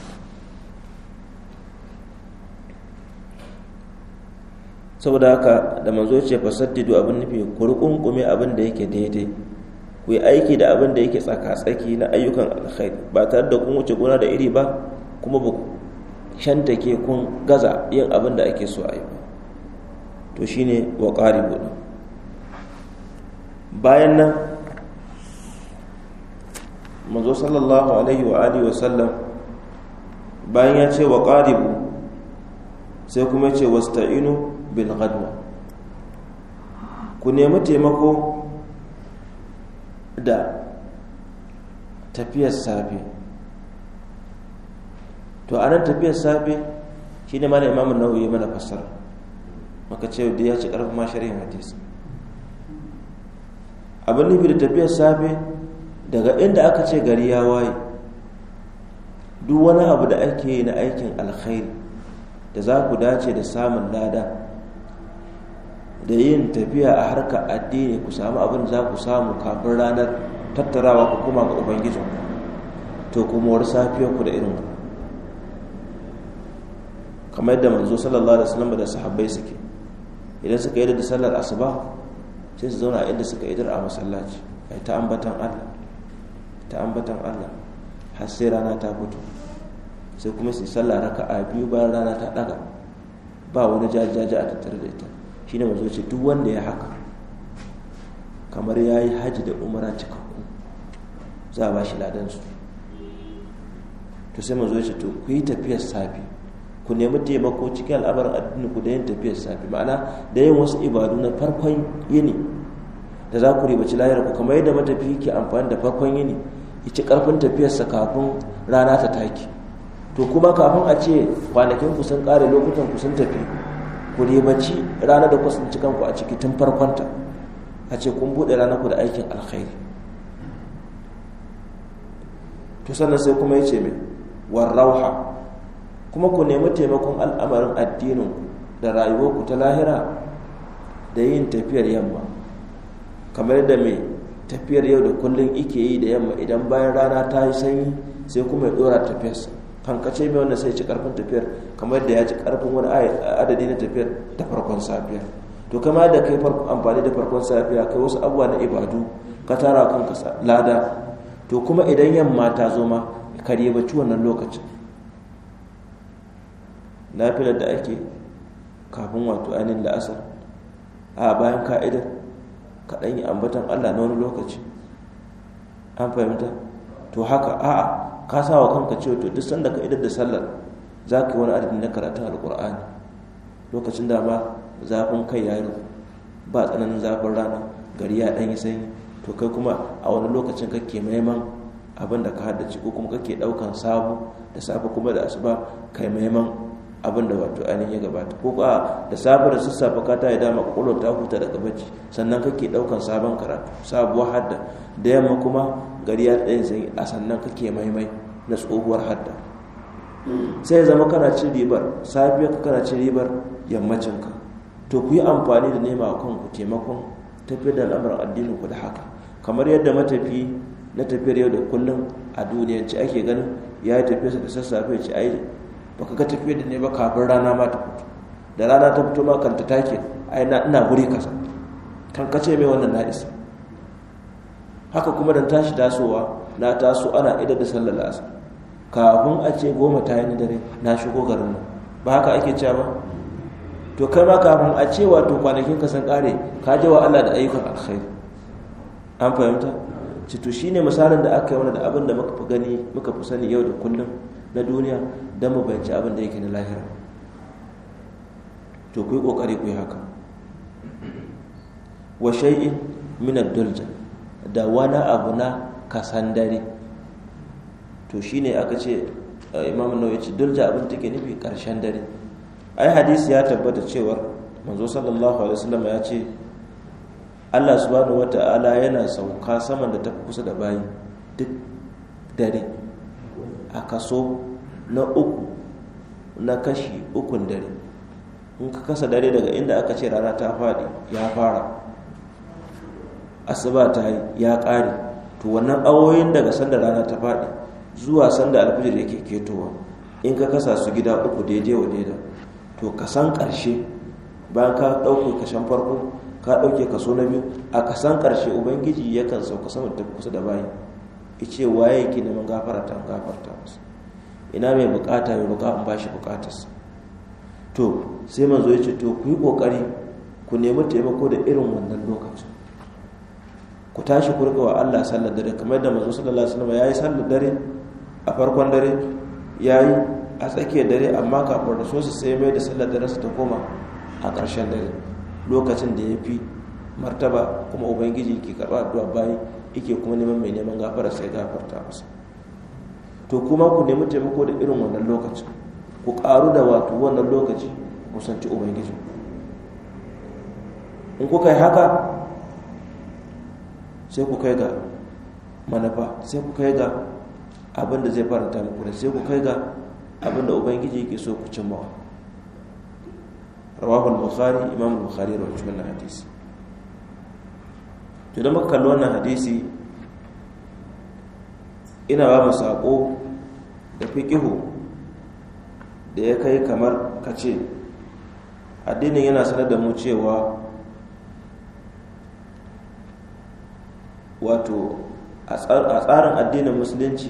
saboda haka da manzo ce du abin nufi ku rukunkume abin da yake daidai ku yi aiki da abin da yake tsaka-tsaki na ayyukan alkhairi ba tare da kun wuce gona da iri ba kuma ba shantake kun gaza yin abin da ake so a yi to shine wa ƙari buɗe bayan nan manzo sallallahu alaihi wa alihi wa sallam bayan ya ce wa ƙaribu sai kuma ya ce wasta'inu bil ku nemi taimako da tafiyar safe to a nan tafiyar safe shi ne mana imamun nau'i mana fassara maka ce da ya ci ƙarfin ma shari'in hadisi abin nufi da tafiyar safe daga inda aka ce gari ya waye duk wani abu da ake yi na aikin alkhairi da za ku dace da samun lada da yin tafiya a harka addini ku samu abin za ku samu kafin ranar tattarawa ku kuma ga ubangijin to kuma wani safiyar ku da irin kamar yadda manzo sallallahu alaihi wasallam da sahabbai suke idan suka yi da sallar asuba sai su zauna inda suka idar a masallaci ai ta ambatan Allah ta ambatan Allah har sai rana ta fito sai kuma su sallah raka'a biyu bayan rana ta daga ba wani jajaja a tattare da ita shine manzo ce duk wanda ya haka kamar ya yi haji da umara cikakku za a ba shi ladan su to sai manzo ce to ku yi tafiyar safi ku nemi taimako cikin al'amarin addini ku da yin tafiyar safi ma'ana da yin wasu ibadu na farkon yini da za ku ribaci layar ku kamar yadda matafi ke amfani da farkon yini ci karfin tafiyarsa kafin rana ta take to kuma kafin a ce kwanakin ku sun kare lokutan ku sun tafi ku ribaci ranar da kusanci cikanku a ciki tun farkonta a ce kun buɗe ranar ku da aikin alkhairi to sannan sai kuma ya ce mai warrauha kuma ku nemi taimakon al'amarin addinin da rayuwarku ta lahira da yin tafiyar yamma kamar da mai tafiyar yau da kullum ike yi da yamma idan bayan rana ta yi sanyi sai kuma ya ɗora tafiyarsa fankace mai wanda sai ci karfin tafiyar kamar da ya ci karfin wani adadi na tafiyar ta farkon safiya to kama da kai amfani da farkon safiya kai wasu abubuwa na ibadu ka tara kanka lada to kuma idan yamma ta zo ma ka ribaci wannan lokacin lafiyar da ake kafin wato ainihin la'asar a bayan ka'idar kaɗan yi ambatan allah na wani lokaci an fahimta to haka a'a ka sa wa kanka cewa to duk sanda ka idar da sallar za ka yi wani adadin na karatun alkur'ani lokacin da ba zafin kai ya ba tsananin zafin rana gari ya ɗan yi sanyi to kai kuma a wani lokacin kake maiman abin da ka haddace ko kuma kake ɗaukan sabu da safe kuma da asuba kai maiman abin da wato ainihin ya gabata ko kuma da safe da sassafe ka ta yi dama kwakwalwar ta huta daga bacci sannan kake ɗaukan sabon karatu sabuwar hadda da yamma kuma gari ya ɗaya sanyi a sannan kake maimai na tsohuwar hadda sai zama kana cin ribar ka kana cin ribar yammacinka to ku yi amfani da nema a kanku taimakon tafiyar da al'amuran addinin ku da haka kamar yadda matafi na tafiyar yau da kullum a duniyance ake ganin ya yi tafiyarsa da sassafe ci ba baka ga tafiyar da ne kafin rana ma ta fito da rana ta fito ma kan ta take ai na ina guri kasa kan kace mai wannan na isa haka kuma dan tashi tasowa na taso ana idar da sallar la'asar kafin a ce goma ta yi dare na shigo garin nan ba haka ake cewa ba to kai ma kafin a cewa to kwanakin ka san kare ka jawa Allah da ayyukan alkhairi an fahimta ci to shine misalin da aka yi wani da abin da muka fi gani muka fi sani yau da kullum na duniya don mu bayanci abin da yake na lahira to ku yi kokari ku yi haka wa shay'in min ad da wani abu na kasan dare to shine aka ce imam nawawi ce dulja abin take nufi karshen dare ai hadisi ya tabbata cewar manzo sallallahu alaihi wasallam ya ce Allah subhanahu wata'ala yana sauka saman da ta kusa da bayi duk dare a kaso na uku na kashi ukun dare in ka kasa dare daga inda aka ce rana ta faɗi ya fara asuba ta yi ya ƙare to wannan awoyin daga sanda rana ta faɗi zuwa sanda alfijir yake ketowa in ka kasa su gida uku daidai wa daidai to kasan ƙarshe bayan ka ɗauke kashen farko ka ɗauke kaso na biyu a kasan ƙarshe ubangiji yakan sauka sama tafi kusa da bayi ice waye yake neman gafarta an gafarta masa ina mai bukata mai bukata an bashi bukatarsa to sai manzo ya ce to ku yi kokari ku nemi taimako da irin wannan lokacin ku tashi ku wa Allah sallar dare kamar yadda da sallallahu alaihi wasallam yayi sallar dare a farkon dare yayi a tsakiyar dare amma kafin da su sai mai da sallar dare su ta koma a ƙarshen dare lokacin da ya fi martaba kuma ubangiji ke karɓa addu'a bayi yake kuma neman mai neman gafara sai gafarta masa to kuma ku nemi taimako da irin wannan lokacin ku ƙaru da wato wannan lokaci kusanci ubangiji in kuka yi haka sai ku kai ga manufa sai ku kai ga abin da zai faranta muku sai ku kai ga abin da ubangiji ke so ku cimma rawahul bukhari imam bukhari rawaci wannan hadisi to da muka kalli wannan hadisi ina ba mu sako da fiqihu da ya kai kamar kace addinin yana sanar da mu cewa wato a tsarin addinin musulunci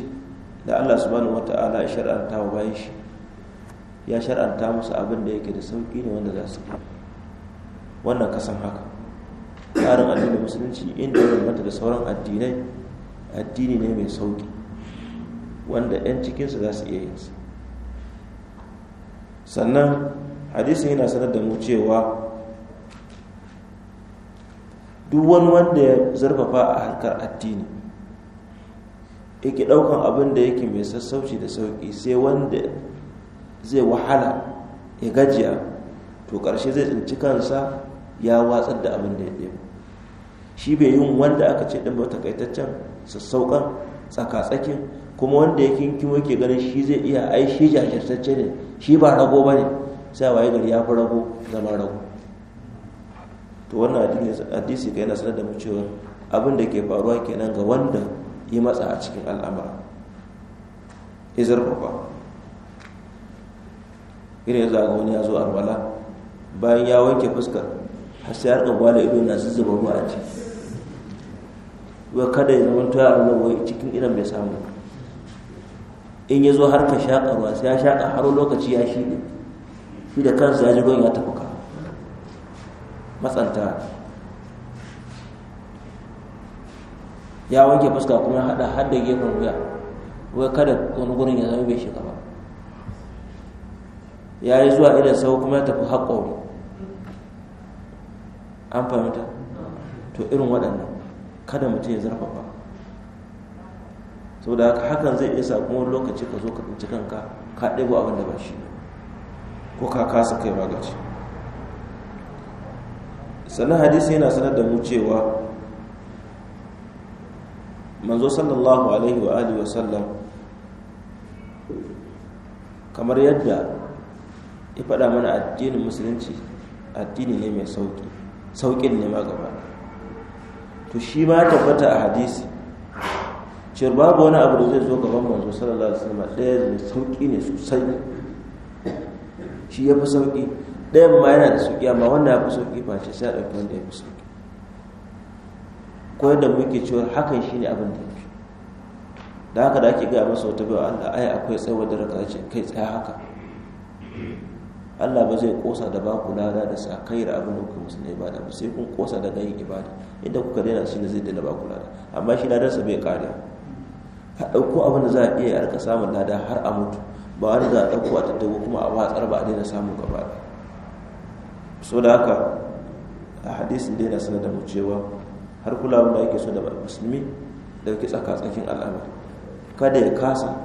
da Allah subhanahu wata'ala ya shar'anta wa bayan shi ya shar'anta musu abin da yake da sauƙi ne wanda za su yi wannan kasan haka tsarin addinin musulunci inda ya mata da sauran addinai addini ne mai sauƙi wanda 'yan cikinsu za su iya yin sannan hadisin yana sanar da mu cewa duk wani wanda ya zarfafa a harkar addini yake daukan abin da yake mai sassauci da sauki sai wanda zai wahala ya gajiya to karshe zai tsinci kansa ya watsar da abin da ya ɗaya shi bai yin wanda aka ce ɗin ba takaitaccen tsaka-tsakin kuma wanda ya kinkimo ke ganin shi zai iya aishi jajirtacce ne shi ba rago ba ne sai waye gari ya fi rago zama rago to wannan hadisi ka yana sanar da mu cewa abin da ke faruwa kenan ga wanda yi matsa a cikin al'amura izar baba irin yanzu a wani ya zo arwala bayan ya wanke fuskar har sai har da ido na zuzzuba ruwa a ciki wai kada ya zama tuwa arwala wai cikin idan bai samu in ya zo har ka shaƙa ruwa sai ya shaƙa har lokaci ya ne shi da kansa ya ji ruwan ya tafi matsanta ya wanke fuska kuma ya hada hada gefen wuya wai kada wani gurin ya zama bai shiga ba ya yi zuwa idan sau kuma ya tafi haƙori an fahimta to irin waɗannan kada mutum ya zarfafa sau da haka hakan zai isa kuma wani lokaci ka zo ka ɗauki kanka ka ɗigo abin da ba shi ko ka kasa kai magaci sannan hadisi yana sanar da mu cewa manzo sallallahu alaihi wa alihi wa sallam kamar yadda ya faɗa mana addinin musulunci addini ne mai sauƙi sauƙin ne ma gaba to shi ma tabbata a hadisi cewar babu wani abu da zai zo gaban manzo sallallahu alaihi sallam ɗaya da sauƙi ne sosai shi ya fi sauƙi ɗayan ma yana da sauƙi amma wanda ya fi sauƙi face sai a ɗauki wanda ya fi sauƙi ko yadda muke cewa hakan ne abin da yake da haka da ake gaya masa wata bai Allah ai akwai tsawon da raka ce kai tsaya haka Allah ba zai kosa da ba ku lada da sa kai da abin da kuka musu na ibada ba sai kun kosa da gayin ibada inda kuka daina shi ne zai daina ku lada amma shi ladarsa bai kare a ɗauko abin da za a iya a samun lada har a mutu ba wani za a ɗauko a tattabo kuma a watsar ba a daina samun gaba ɗaya so da haka a hadisin da na sanar da mu cewa har kulawar da yake so da musulmi da yake tsaka tsakin al'amari kada ya kasa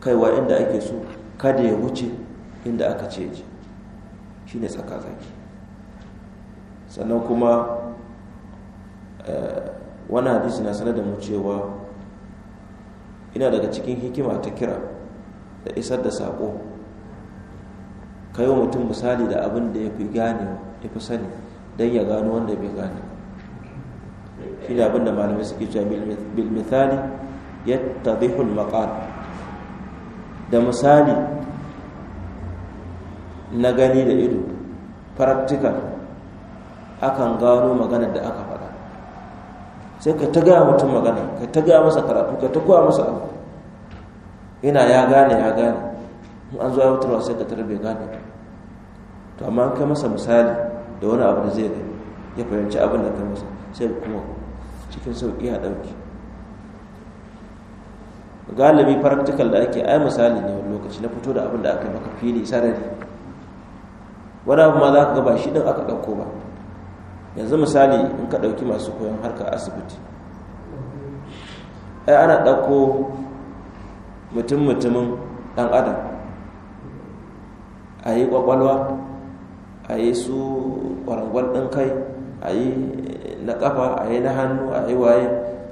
kaiwa inda ake so kada ya wuce inda aka ce ji shi ne tsaka tsaki sannan kuma eh, wani hadisi na sanar da mu cewa ina daga cikin hikima ta kira da isar da saƙo kai wa mutum misali da abin da ya fi gane ya fi sani don ya gano wanda bai gane shi ne abin da malamai suke cewa bil misali ya tadihul maqal da misali na gani da ido practical akan gano magana da aka faɗa sai ka taga gaya mutum magana ka taga gaya masa karatu ka taga masa abu yana ya gane ya gane in an zo aiwatarwa sai ka tara bai gane to amma an kai masa misali da wani abu da zai gani ya fahimci abin da kai masa sai kuma cikin sauƙi a ɗauki galibi practical da ake ai misali ne wani lokaci na fito da abin da aka maka fili sarari wani abu ma za ka gaba shi ɗin aka ɗauko ba yanzu misali in ka ɗauki masu koyon harka asibiti ai ana ɗauko mutum-mutumin ɗan adam a yi kwakwalwa a yi su kwarangwal ɗin kai a yi na ƙafa a yi na hannu a yi waye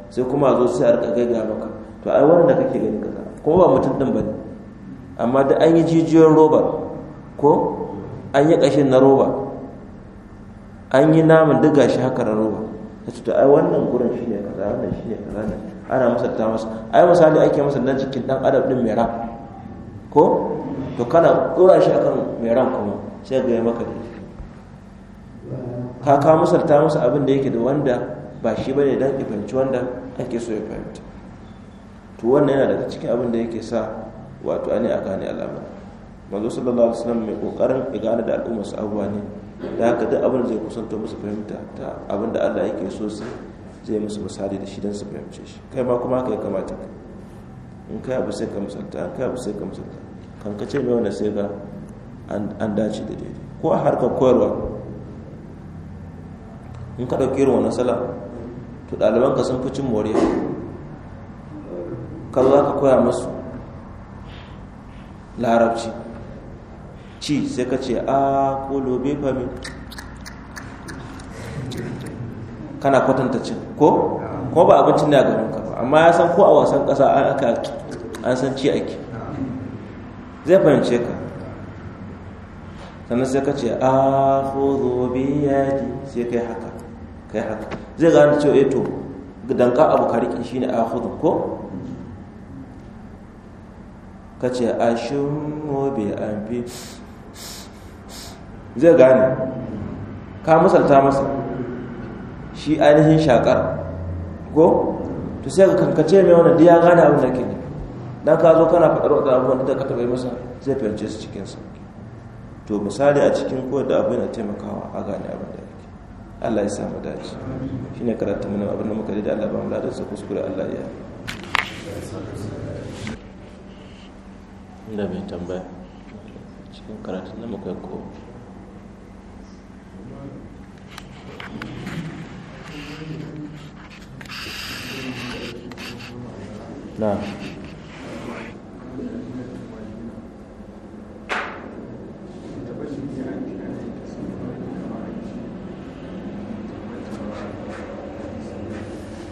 sai kuma a zo sai a rika ga maka to ai wanda kake gani kaza kuma ba mutum ɗin ba ne amma da an yi jijiyoyin roba ko an yi ƙashin na roba an yi naman duk shi haka na roba ta ce to ai wannan gurin shi kaza wannan ne, kaza ne ana masa ta masa ai misali ake masa na jikin dan adam din mai ko to kana dora shi akan mai ran kuma sai ga ya maka laifi ka ka musalta masa abin da yake da wanda ba shi bane dan ya wanda ake so ya fahimta to wannan yana daga cikin abin da yake sa wato ani a gane al'amari manzo sallallahu alaihi wasallam mai kokarin igana da al'ummar su abuwa ne da haka duk abin zai kusanto musu fahimta ta abin da Allah yake so su zai musu misali da shi don su fahimce shi kai ma kuma haka ya kamata in kai abu sai ka musalta in kai abu sai ka musalta. kan ka ce mai wanda sai ga an dace da daidai ko a harkar koyarwa in ka ɗauki irin wannan sala to ɗalibanka sun fi cin moriya ka za ka koya masu larabci ci sai ka ce a ko lobe fami kana kwatanta cin ko ko ba abincin ne a garinka ba amma ya san ko a wasan ƙasa an aka an san ci ake zai fahimce ka sannan sai ka ce a hudu ji sai kai haka kai haka zai gane cewa ya eh to danka abu ka riƙe ne a hudu ko ka ce a shimmo bi an fi zai gane ka misalta masa shi ainihin shakar ko to sai ka kankace mai wani diya gane abin da ke dan ka zo kana faɗar wa abubuwan da ka taɓa masa zai fahimce su cikin sa to misali a cikin kowa da abu yana taimakawa a gane abin da yake Allah ya samu dace shi ne karatu mana abin da muka da Allah ba mu ladarsa kuskure Allah ya da mai tambaya cikin karatu na muka ko na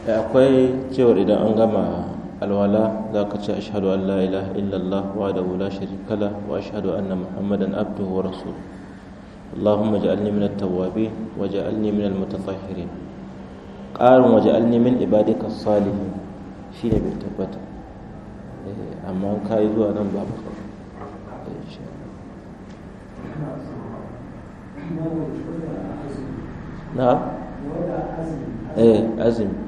Eh, akwai cewar idan an gama alwala za ka ce ashhadu an la ilaha illallah wa da la sharika la wa ashhadu anna muhammadan abduhu wa rasul اللهم اجعلني من التوابين واجعلني من المتطهرين قارن واجعلني من عبادك الصالحين amma ka yi zuwa nan babu kawai eh, na? eh azumi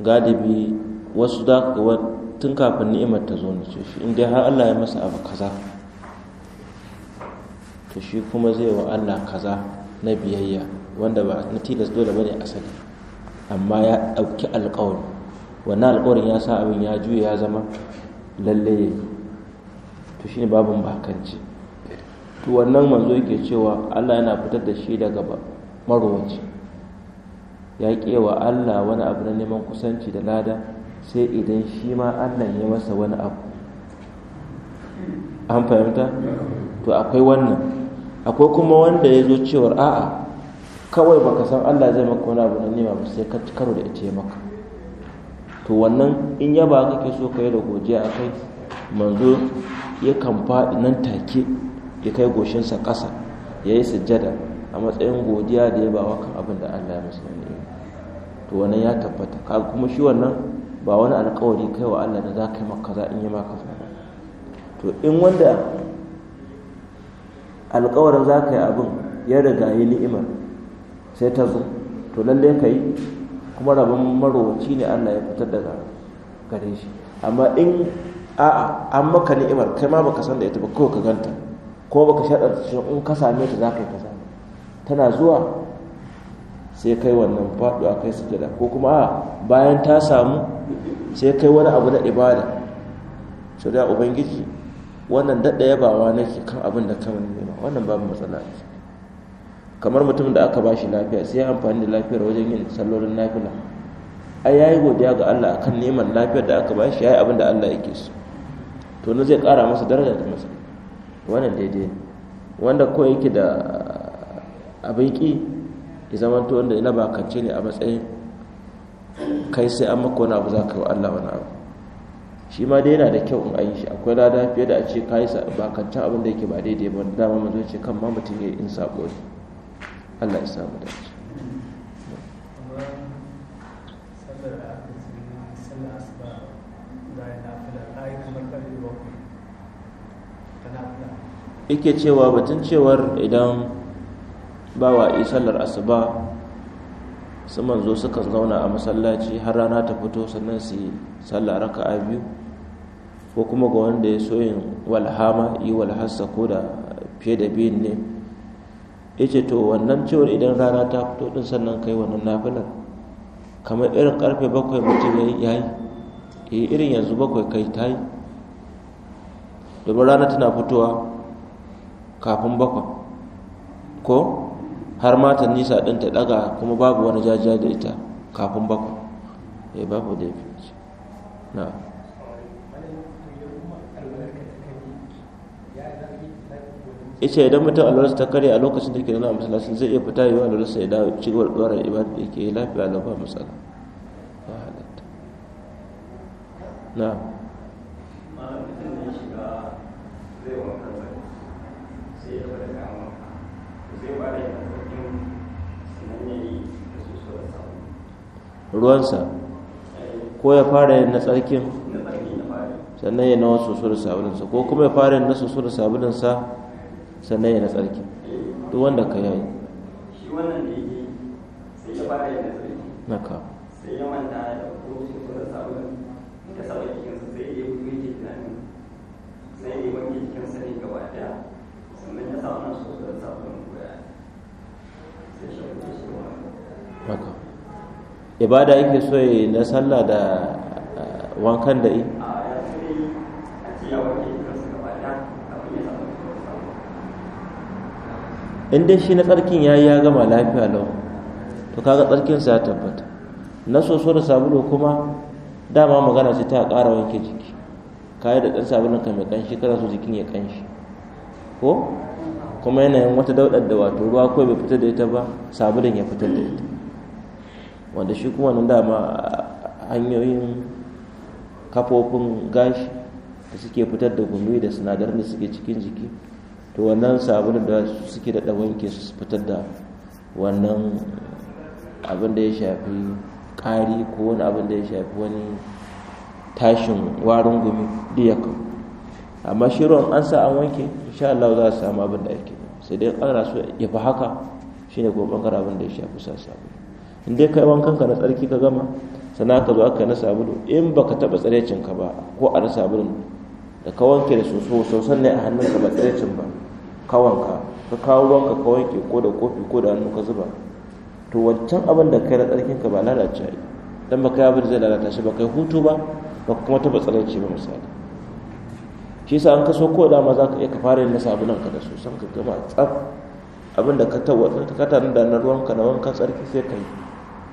galibi wasu da tun kafin ni'imar ta zo ne ce shi in dai har Allah ya masa abu kaza to shi kuma zai wa Allah kaza na biyayya wanda ba na tilas dole bane asali amma ya ɗauki alƙawari wannan alƙawarin ya sa abin ya juya ya zama lalle to shine babin bakanci to wannan manzo yake cewa Allah yana fitar da shi daga marowaci ya wa Allah wani abu na neman kusanci da lada sai idan shi ma Allah ya masa wani abu an fahimta to akwai wannan akwai kuma wanda ya zo cewar a'a kawai baka san Allah zai maka wani abu na nema ba sai ka ci karo da ita ya maka to wannan in ba kake so ka yi da godiya a kai manzo ya kan faɗi nan take ya kai goshinsa ƙasa ya yi sujjada a matsayin godiya da ya ba wa kan abin da Allah ya musu to wannan ya tabbata ka kuma shi wannan ba wani alkawari kai wa Allah da za ka yi maka za in yi maka kaza? to in wanda alkawarin za ka yi abin ya riga yi ni'imar sai ta zo to lalle ka yi kuma rabin marowaci ne Allah ya fitar daga gare shi amma in a'a an maka ni'imar kai ma baka san da ita ba kawai ka ganta ko baka shaɗa in ka same ta za ka yi kaza tana zuwa sai kai wannan a kai sujada ko kuma a bayan ta samu sai kai wani abu na ibada da ubangiji wannan daɗa yabawa nake kan abin da kamar nema wannan babu matsala kamar mutum da aka bashi lafiya sai ya amfani da lafiyar wajen yin sallolin nafila ai yayi godiya ga Allah akan neman lafiyar da aka bashi yayi abin da Allah yake so to ne zai ƙara masa daraja da masa wannan daidai wanda ko yake da abin ki ya zama to wanda ina kance ne a matsayin kai sai an maka wani abu za ka yi wa Allah wani abu shi ma dai yana da kyau in a yi shi akwai lada fiye da a ce ka yi bakancan abin da yake ba daidai ba da dama mazo ce kan ma mutum ya yi in sabo ne Allah ya samu da shi. yake cewa batun cewar idan wa yi sallar asuba su manzo sukan zauna a masallaci har rana ta fito sannan su yi sallah a biyu ko kuma ga wanda ya so yin walhama yi walhassa ko da fiye da biyun ne ya ce to wannan cewar idan rana ta fito din sannan kai wannan nafilar kamar irin karfe bakwai mutum ya yi yi eh, irin yanzu bakwai kai ta yi domin rana tana fitowa kafin bakwai ko har mata nisa ɗin ta ɗaga kuma babu wani jajiya da ita kafin bako. ya eh, babu da ya fi na ice idan mutum alwarsa ta kare a lokacin da ke nuna masalacin zai iya fita yi wa alwarsa ya dawo cigaba da ɗorar ibada da ke lafiya da ba matsala ya halatta na zai ruwansa ko ya fara yin na tsarkin sannan ya nawa soso da sabulunsa ko kuma ya fara yin na soso da sabulunsa sannan ya na tsarkin duk wanda ka yayi shi wannan da yake sai ya fara yin na tsarkin naka sai ya manta da ko soso da sabulun da saba jikinsa sai ya yi ke tunanin sai ya wanke jikinsa sani gaba daya sannan ya sa wannan soso da sabulun guda sai shi ya shi haka ibada yake so yi na sallah da uh, wankan da yi in shi na tsarkin ya yi ya gama lafiya lau to kaga tsarkin sa tabbata na soso da sabulu kuma dama magana sai ta kara wanke jiki kayi da ɗan sabulun ka mai ƙanshi kada so jikin ya ƙanshi ko kuma yanayin wata daudar da wato ruwa kawai bai fitar da ita ba sabulun ya fitar da ita wanda shi kuma nan dama hanyoyin kafofin gashi da suke fitar da gumi da sinadaran da suke cikin jiki to wannan sabon da suke daɗa wanke su fitar da wannan abin da ya shafi ƙari ko wani abin da ya shafi wani tashin warin gumi duk ya amma shirin an sa an wanke insha Allah za a samu abin da ake sai dai an so ya fi haka shine ko bangaren abin da ya shafi sa sabulu in dai kai wankan ka na tsarki ka gama sana ka zo aka na sabulu in baka taba tsarecin ka ba ko a na sabulun da ka wanke da soso sosan ne a hannun ka ba tsarecin ba ka wanka ka kawo ruwan ka wanke ko da kofi ko da hannu ka zuba to wancan abin da kai na tsarkin ka ba lalace dan ba kai abin zai lalata shi ba kai hutu ba ba kuma taba tsareci ba misali shi yasa an kaso ko ma za ka iya ka fara yin na sabulun ka da sosan ka gama tsaf abin da ka tabbata ka tana da na ka na wankan tsarki sai ka yi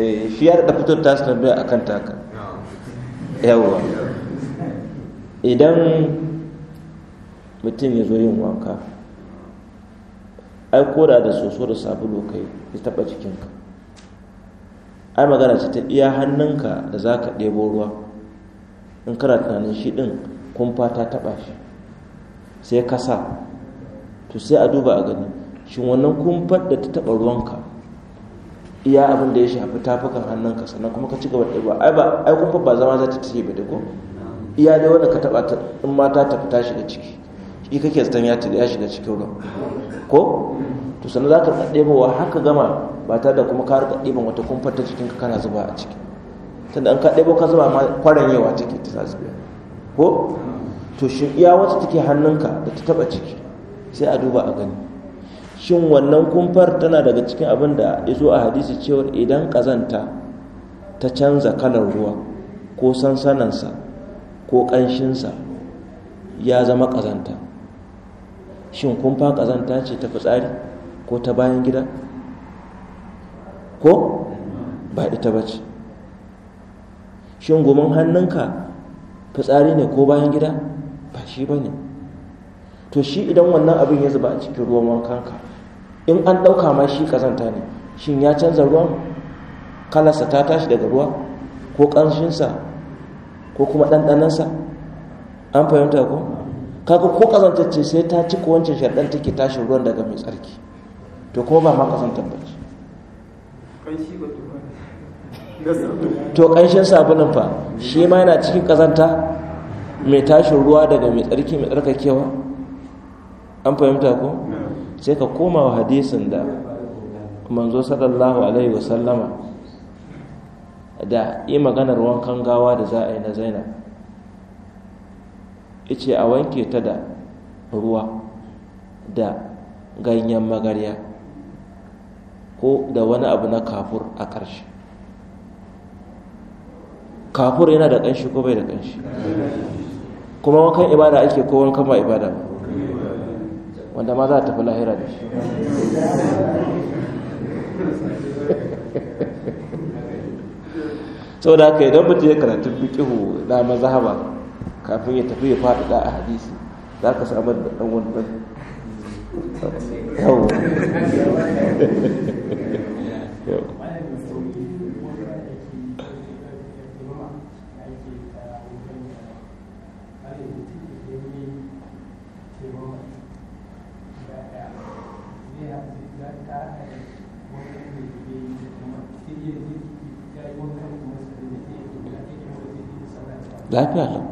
E, eh, da fitar ta a kan taka yawa idan mutum ya zo yin wanka ai koda da soso da sabulu kai ya taba jikinka ai magana ce ta iya hannunka da za ka ɗebo ruwa in kana tunanin shi ɗin kumfa ta taba shi sai ka sa to sai a duba a gani shin wannan kumfar da ta taɓa ruwanka iya abin da ya shafi tafukan hannunka sannan kuma ka ci gaba da ai ba ai kun fa ba zama za ta tace ba da ko iya dai wanda ka taba ta in mata ta fita shiga ciki shi kake zan ya ta ya shiga cikin ruwan ko to sannan za ka ba wa haka gama ba tare da kuma ka rika ɗiban wata kumfar ta ka kana zuba a ciki sannan an ka ba ka zuba ma kwaranyewa take ta za ko to shi iya wacce take hannunka da ta taba ciki sai a duba a gani shin wannan kumfar tana daga cikin abin da ya zo a hadisi cewar idan ƙazanta ta canza kalar ruwa ko sansanansa ko ƙanshinsa ya zama ƙazanta shin kumfa ƙazanta ce ta fitsari ko ta bayan gida ko ba ita ba ce shin gumin hannunka fitsari ne ko bayan gida ba shi ba ne to shi idan wannan abin ya zuba a cikin ruwan wankanka in an ɗauka ma shi kazanta ne shin ya canza ruwan kalarsa ta tashi daga ruwa ko ƙanshinsa ko kuma ɗanɗanansa an fahimta ko kaga ko kazantacce sai ta ci wancan sharɗan take tashin ruwan daga mai tsarki to kuma ba ma kazantar ba to ƙanshin sabulin fa shi ma yana cikin kazanta mai tashin ruwa daga mai tsarki mai tsarkakewa an fahimta ko sai ka koma wa hadisin da manzo sallallahu alaihi wasallama da yi maganar wankan gawa da za a yi na zainab ice a wanke ta da ruwa da ganyen magarya ko da wani abu na kafur a ƙarshe kafur yana da ƙanshi ko bai da ƙanshi kuma wankan ibada ake ko wankan ba ibada wanda ma za ta tafi lahira da shi sau da aka yi don mutu ya karatun fikihu na mazhaba kafin ya tafi ya faɗaɗa a hadisi za ka samar da ɗan wannan yau lafiya lau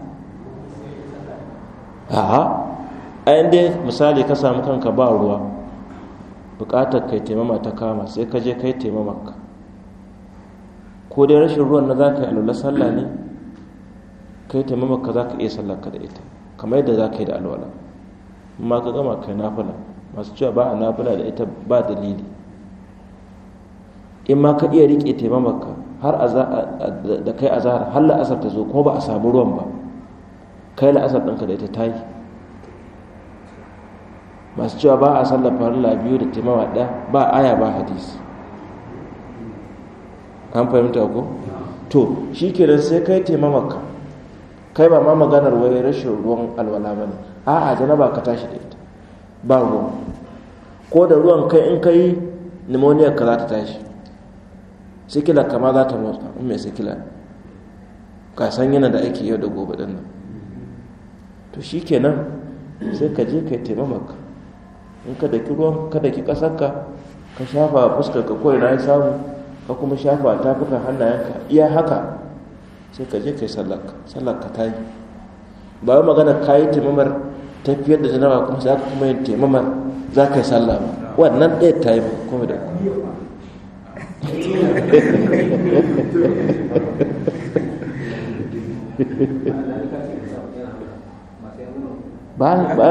A ayan dai misali ka samu kanka ba ruwa bukatar kai taimama ta kama sai ka je kai taimamaka. ko dai rashin ruwan na za ka yi alwala sallah ne kai taimamaka za ka iya sallah ka da ita kamar yadda za ka yi da alwala ma ka gama kai nafula? masu cewa ba a nafula da ita ba dalili in ma ka iya riƙe taimamaka? har da kai a zahar har la'asar ta zo kuma ba a samu ruwan ba kai la'asar ɗanka da ita ta yi masu cewa ba a sallar farilla biyu da taimawa ɗaya ba aya ba hadisi an fahimta ko to shi kenan sai kai taimamaka kai ba ma maganar wai rashin ruwan alwala ba ne a'a ba ka tashi da ita ba ruwan ko da ruwan kai in kai pneumonia ka za ta tashi sikila kama za ta motsa in mai sikila ka san yana da ake yau da gobe din nan to shi kenan sai ka je kai taimamaka in ka daki ruwan ka daki ƙasarka ka shafa a fuskar ka kawai na samu ka kuma shafa a tafukan hannayenka iya haka sai ka je kai sallarka sallarka ta yi ba magana ka yi taimamar tafiyar da jana'a kuma sai ka kuma yin taimamar za ka yi sallah ba wannan ɗaya ta yi ba kuma da kuma ba ba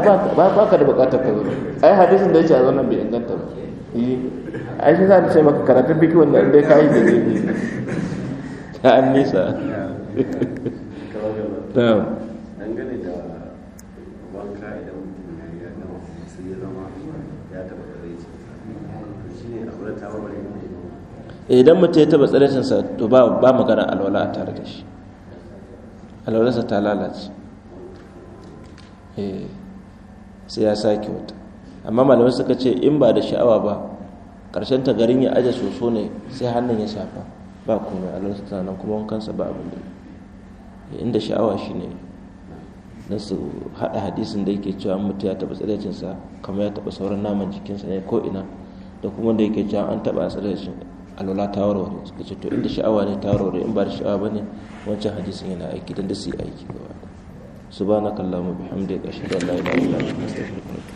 ka da bukatar ka zauna ai hadisin da ya ce a zauna bai inganta ba eh, ai shi za ta ce maka karatun biki wanda inda ka yi da ne ta an nisa Eh, idan mutum ya taba tsiratinsa to ba ba magana alwala a tare da shi alwalarsa ta lalace eh, sai ya sake wata amma malamai suka ce in ba da sha'awa ba karshen ta garin ya aje soso ne sai hannun ya shafa ba komai alwalarsa ta nan kuma wankansa ba abin da eh, inda sha'awa shi ne don su haɗa hadisin da yake cewa mutum ya taɓa tsiracinsa kamar ya taɓa sauran naman jikinsa ne ko ina da kuma da yake cewa an taɓa tsiracin alwala ta warware suka ce to inda sha'awa ne ta warware in ba da sha'awa ba ne wancan hadisin yana aiki dan da su yi aiki ba ba bihamdika ashhadu an la ilaha illa anta astaghfiruka